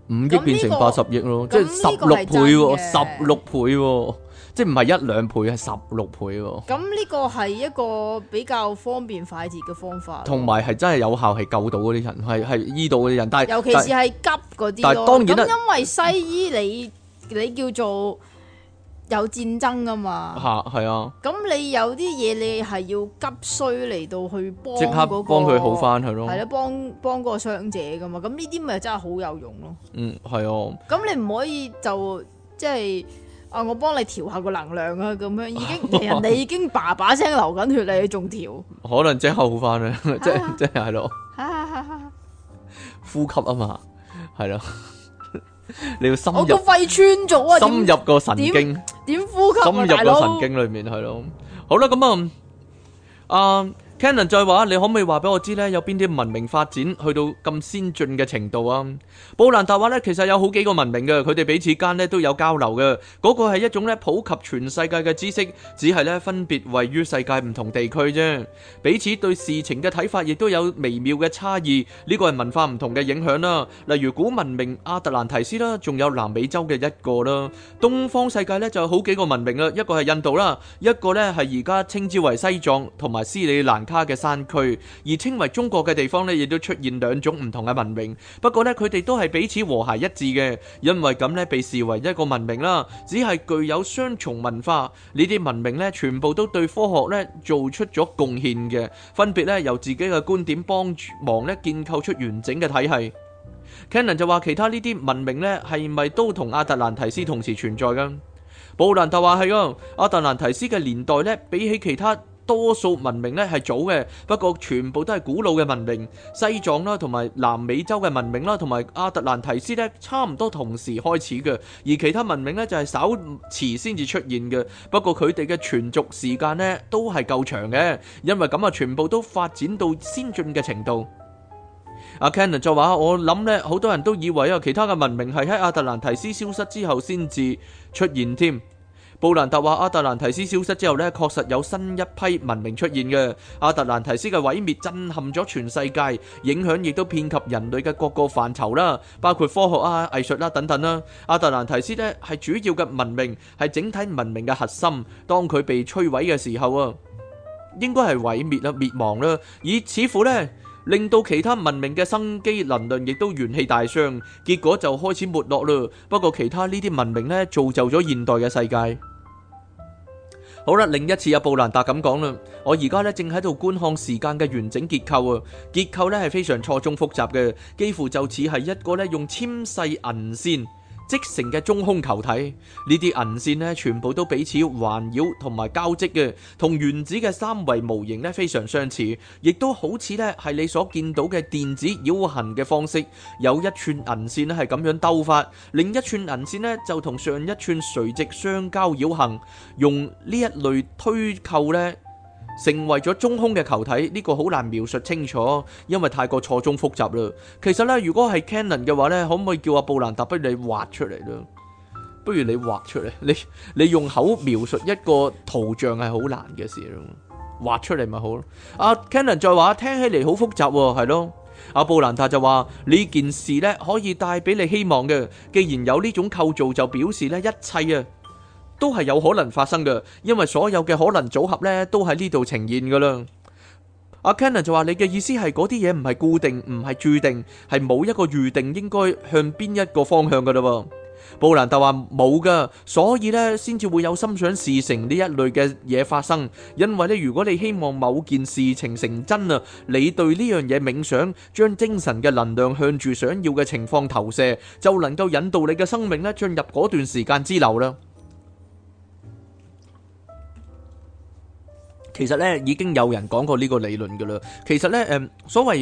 五億變成八十億咯，這個、即係十六倍十六倍喎、哦。即係唔係一兩倍，係十六倍喎。咁
呢個係一個比較方便快捷嘅方法，同
埋係真係有效，係救到嗰啲人，係係醫到嗰啲人。但尤其是係
急嗰啲咯。但係當然啦，咁因為西醫你你叫做有戰爭噶嘛，
吓，係啊。
咁你有啲嘢你係要急需嚟到去幫、那個，即刻幫佢好翻佢咯。係咯、啊，幫幫嗰個傷者噶嘛。咁呢啲咪真係好有用咯。嗯，係哦、啊。咁你唔可以就即係。啊！我幫你調下個能量啊，咁樣已經人哋已經叭把聲流緊血，你仲調？
*laughs* 可能哈哈即刻好翻咧，即係即係係咯。哈哈哈哈呼吸啊嘛，係咯， *laughs* 你要深入。我個肺穿咗啊！深入個神經，點呼吸？深入個神經裏面係咯。 *laughs* 好啦，咁啊啊。嗯 Canon 再話：你可唔可以話俾我知呢，有邊啲文明發展去到咁先進嘅程度啊？布蘭達話呢，其實有好幾個文明嘅，佢哋彼此間呢都有交流嘅。嗰個係一種呢普及全世界嘅知識，只係呢分別位於世界唔同地區啫。彼此對事情嘅睇法亦都有微妙嘅差異。呢個係文化唔同嘅影響啦。例如古文明阿特蘭提斯啦，仲有南美洲嘅一個啦。東方世界呢就有好幾個文明啊，一個係印度啦，一個呢係而家稱之為西藏同埋斯里蘭他嘅山區，而稱為中國嘅地方呢，亦都出現兩種唔同嘅文明。不過呢，佢哋都係彼此和諧一致嘅，因為咁呢，被視為一個文明啦。只係具有雙重文化呢啲文明呢，全部都對科學呢做出咗貢獻嘅，分別呢，由自己嘅觀點幫忙呢，建構出完整嘅體系。Cannon 就話：其他呢啲文明呢，係咪都同阿特蘭提斯同時存在㗎？布蘭達話係啊，阿特蘭提斯嘅年代呢，比起其他。多數文明咧係早嘅，不過全部都係古老嘅文明，西藏啦同埋南美洲嘅文明啦同埋阿特蘭提斯咧差唔多同時開始嘅，而其他文明咧就係稍遲先至出現嘅。不過佢哋嘅存續時間咧都係夠長嘅，因為咁啊全部都發展到先進嘅程度。阿 Kenn 就話：我諗咧好多人都以為啊其他嘅文明係喺阿特蘭提斯消失之後先至出現添。布蘭特話：阿特蘭提斯消失之後呢，確實有新一批文明出現嘅。阿特蘭提斯嘅毀滅震撼咗全世界，影響亦都遍及人類嘅各個範疇啦，包括科學啊、藝術啦等等啦。阿特蘭提斯呢係主要嘅文明，係整體文明嘅核心。當佢被摧毀嘅時候啊，應該係毀滅啦、滅亡啦，而似乎呢令到其他文明嘅生機能量亦都元氣大傷，結果就開始沒落啦。不過其他呢啲文明呢，造就咗現代嘅世界。好啦，另一次有布蘭達咁講啦，我而家咧正喺度觀看時間嘅完整結構啊，結構咧係非常錯綜複雜嘅，幾乎就似係一個咧用纖細銀線。即成嘅中空球體，呢啲銀線呢，全部都彼此環繞同埋交織嘅，同原子嘅三維模型呢非常相似，亦都好似呢係你所見到嘅電子繞行嘅方式。有一串銀線呢係咁樣兜法，另一串銀線呢就同上一串垂直相交繞行，用呢一類推構呢，成為咗中空嘅球體，呢個好難描述清楚，因為太過錯綜複雜啦。其實咧，如果係 Canon 嘅話咧，可唔可以叫阿布蘭達幫你畫出嚟咧？不如你畫出嚟，你你用口描述一個圖像係好難嘅事咯。畫出嚟咪好咯。阿 Canon 再話，聽起嚟好複雜喎，係咯。阿布蘭達就話呢件事咧，可以帶俾你希望嘅。既然有呢種構造，就表示咧一切啊，都係有可能發生嘅，因為所有嘅可能組合咧，都喺呢度呈現噶啦。阿 Kenan 就話：你嘅意思係嗰啲嘢唔係固定，唔係注定，係冇一個預定應該向邊一個方向噶啦。布蘭特話冇噶，所以咧先至會有心想事成呢一類嘅嘢發生。因為咧，如果你希望某件事情成真啊，你對呢樣嘢冥想，將精神嘅能量向住想要嘅情況投射，就能夠引導你嘅生命咧進入嗰段時間之流啦。其實咧已經有人講過呢個理論㗎喇。其實咧，誒所謂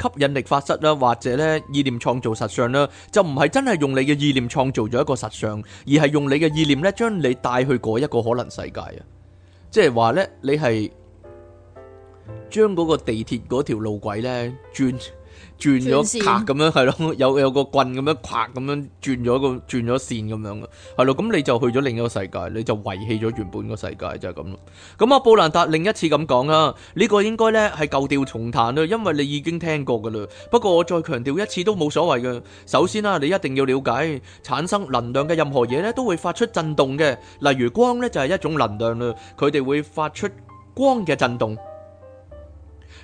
吸引力法則啦，或者咧意念創造實相啦，就唔係真係用你嘅意念創造咗一個實相，而係用你嘅意念咧將你帶去嗰一個可能世界啊。即係話咧，你係將嗰個地鐵嗰條路軌咧轉。轉咗咔，咁樣係咯，線 *laughs* 有有個棍咁樣，咑咁樣轉咗個轉咗線咁樣嘅，係咯，咁你就去咗另一個世界，你就遺棄咗原本個世界就係咁咯。咁阿布蘭達另一次咁講啊，呢、這個應該咧係舊調重彈啦，因為你已經聽過噶啦。不過我再強調一次都冇所謂嘅。首先啦、啊，你一定要了解，產生能量嘅任何嘢咧都會發出震動嘅，例如光咧就係、是、一種能量啦，佢哋會發出光嘅震動。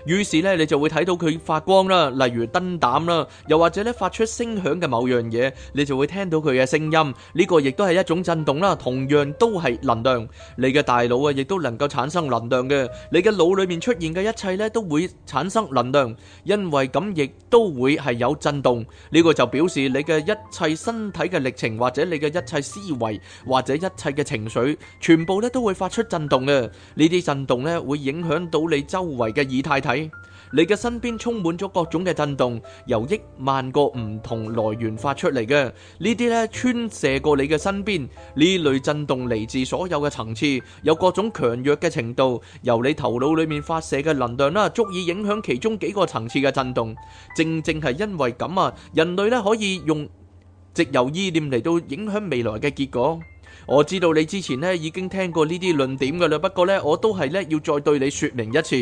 於是咧，你就會睇到佢發光啦，例如燈膽啦，又或者咧發出聲響嘅某樣嘢，你就會聽到佢嘅聲音。呢個亦都係一種振動啦，同樣都係能量。你嘅大腦啊，亦都能夠產生能量嘅。你嘅腦裏面出現嘅一切咧，都會產生能量，因為咁亦都會係有振動。呢個就表示你嘅一切身體嘅歷程，或者你嘅一切思維，或者一切嘅情緒，全部咧都會發出振動嘅。呢啲振動咧會影響到你周圍嘅以太體。你嘅身邊充滿咗各種嘅震動，由億萬個唔同來源發出嚟嘅呢啲咧，穿射過你嘅身邊。呢類震動嚟自所有嘅層次，有各種強弱嘅程度。由你頭腦裏面發射嘅能量啦，足以影響其中幾個層次嘅震動。正正係因為咁啊，人類咧可以用直由意念嚟到影響未來嘅結果。我知道你之前呢已經聽過呢啲論點噶啦，不過呢，我都係呢要再對你說明一次。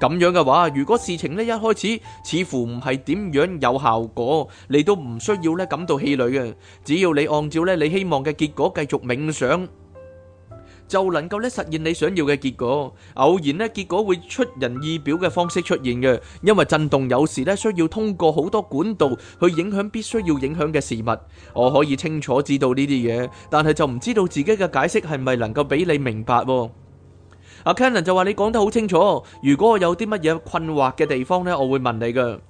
咁樣嘅話，如果事情呢一開始似乎唔係點樣有效果，你都唔需要呢感到氣餒啊！只要你按照呢你希望嘅結果繼續冥想。就能夠咧實現你想要嘅結果。偶然咧，結果會出人意表嘅方式出現嘅，因為震動有時咧需要通過好多管道去影響必須要影響嘅事物。我可以清楚知道呢啲嘢，但係就唔知道自己嘅解釋係咪能夠俾你明白。阿 Cannon 就話，你講得好清楚，如果我有啲乜嘢困惑嘅地方呢，我會問你噶。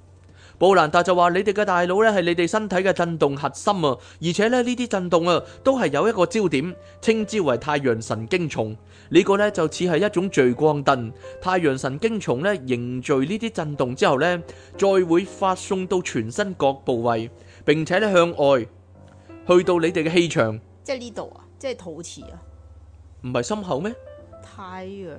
布蘭達就話：你哋嘅大腦咧係你哋身體嘅震動核心啊，而且咧呢啲震動啊都係有一個焦點，稱之為太陽神經叢。呢、這個咧就似係一種聚光燈。太陽神經叢咧凝聚呢啲震動之後咧，再會發送到全身各部位，並且咧向外去到你哋嘅氣場。
即係呢度啊，即係肚臍啊，
唔係心口咩？
太陽。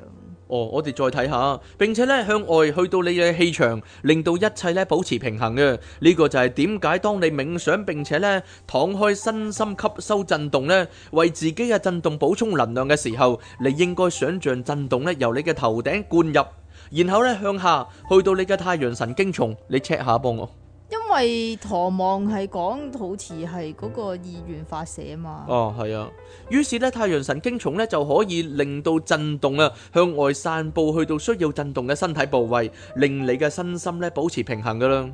哦，我哋再睇下，並且咧向外去到你嘅氣場，令到一切咧保持平衡嘅。呢、這個就係點解當你冥想並且咧敞開身心吸收震動咧，為自己嘅震動補充能量嘅時候，你應該想象震動咧由你嘅頭頂灌入，然後咧向下去到你嘅太陽神經叢，你 check 下幫我。
因為陀望係講好似係嗰個意願發射啊嘛，
哦，係啊。於是咧，太陽神經叢咧就可以令到震動啊，向外散佈去到需要震動嘅身體部位，令你嘅身心咧保持平衡噶啦。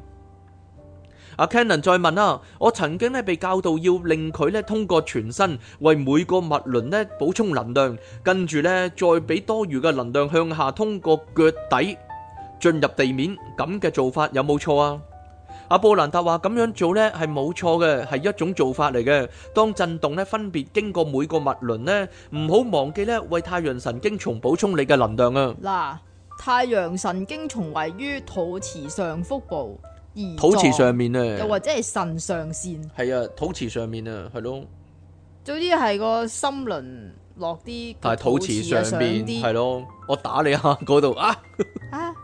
阿 Kennan 再問啊，我曾經咧被教導要令佢咧通過全身為每個脈輪咧補充能量，跟住咧再俾多餘嘅能量向下通過腳底進入地面，咁嘅做法有冇錯啊？阿布蘭達話，咁樣做呢係冇錯嘅，係一種做法嚟嘅。當震動呢，分別經過每個脈輪呢，唔好忘記呢，為太陽神經叢補充你嘅能量啊！
嗱，太陽神經叢位於肚臍上腹部而，而肚臍上面啊，又或者係腎上腺，
係啊，肚臍上面啊，係咯、啊，
早啲係個心輪落啲，係肚臍上邊，係
咯，我打你下嗰度啊啊，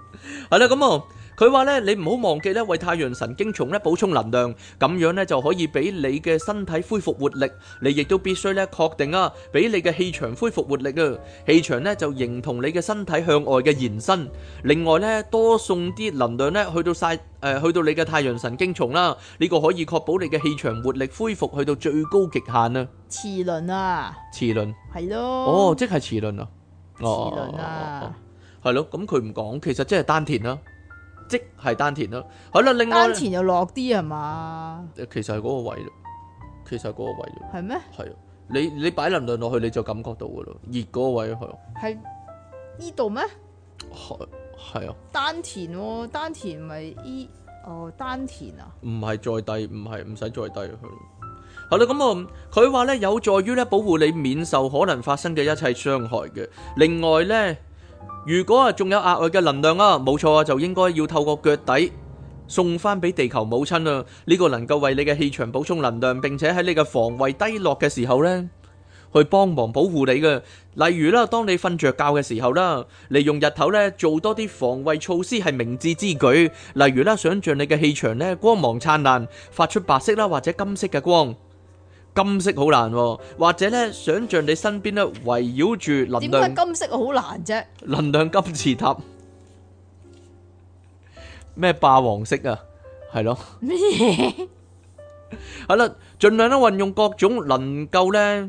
係啦咁啊！ *laughs* 佢話咧，你唔好忘記咧，為太陽神經叢咧補充能量，咁樣咧，就可以俾你嘅身體恢復活力。你亦都必須咧確定啊，俾你嘅氣場恢復活力啊。氣場咧就形同你嘅身體向外嘅延伸。另外咧，多送啲能量咧去到晒誒，去到你嘅太陽神經叢啦。呢個可以確保你嘅氣場活力恢復去到最高極限啊。
齒輪啊，齒輪係咯，哦，即
係齒輪啊，齒輪啊，係咯。咁佢唔講，其實即係丹田啦。即係丹田咯，好啦，另外丹田
又落啲係嘛？
其實係嗰個位咯，其實係嗰個位咯，係咩？係啊，你你擺能量落去，你就感覺到噶咯，熱嗰個位係咯，
係呢度咩？
係係啊，
丹田，丹田咪依哦，丹田啊，
唔係再低，唔係唔使再低去咯。係啦，咁啊，佢話咧，有助於咧保護你免受可能發生嘅一切傷害嘅。另外咧。如果啊仲有額外嘅能量啊，冇錯啊，就應該要透過腳底送翻俾地球母親啊，呢個能夠為你嘅氣場補充能量，並且喺你嘅防衛低落嘅時候呢，去幫忙保護你嘅。例如啦，當你瞓着覺嘅時候啦，利用日頭呢做多啲防衛措施係明智之舉。例如啦，想象你嘅氣場呢，光芒燦爛，發出白色啦或者金色嘅光。金色好難，或者咧想象你身邊咧圍繞住能量。
點解金色好難啫？
能量金字塔咩霸王色啊，係咯。
咩？
係啦，盡量咧運用各種能夠咧。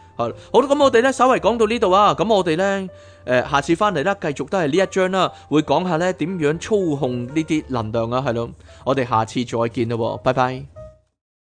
係，好啦，咁我哋咧，稍微講到呢度啊，咁我哋咧，誒，下次翻嚟啦，繼續都係呢一章啦，會講下咧點樣操控呢啲能量啊，係咯，我哋下次再見咯，拜拜。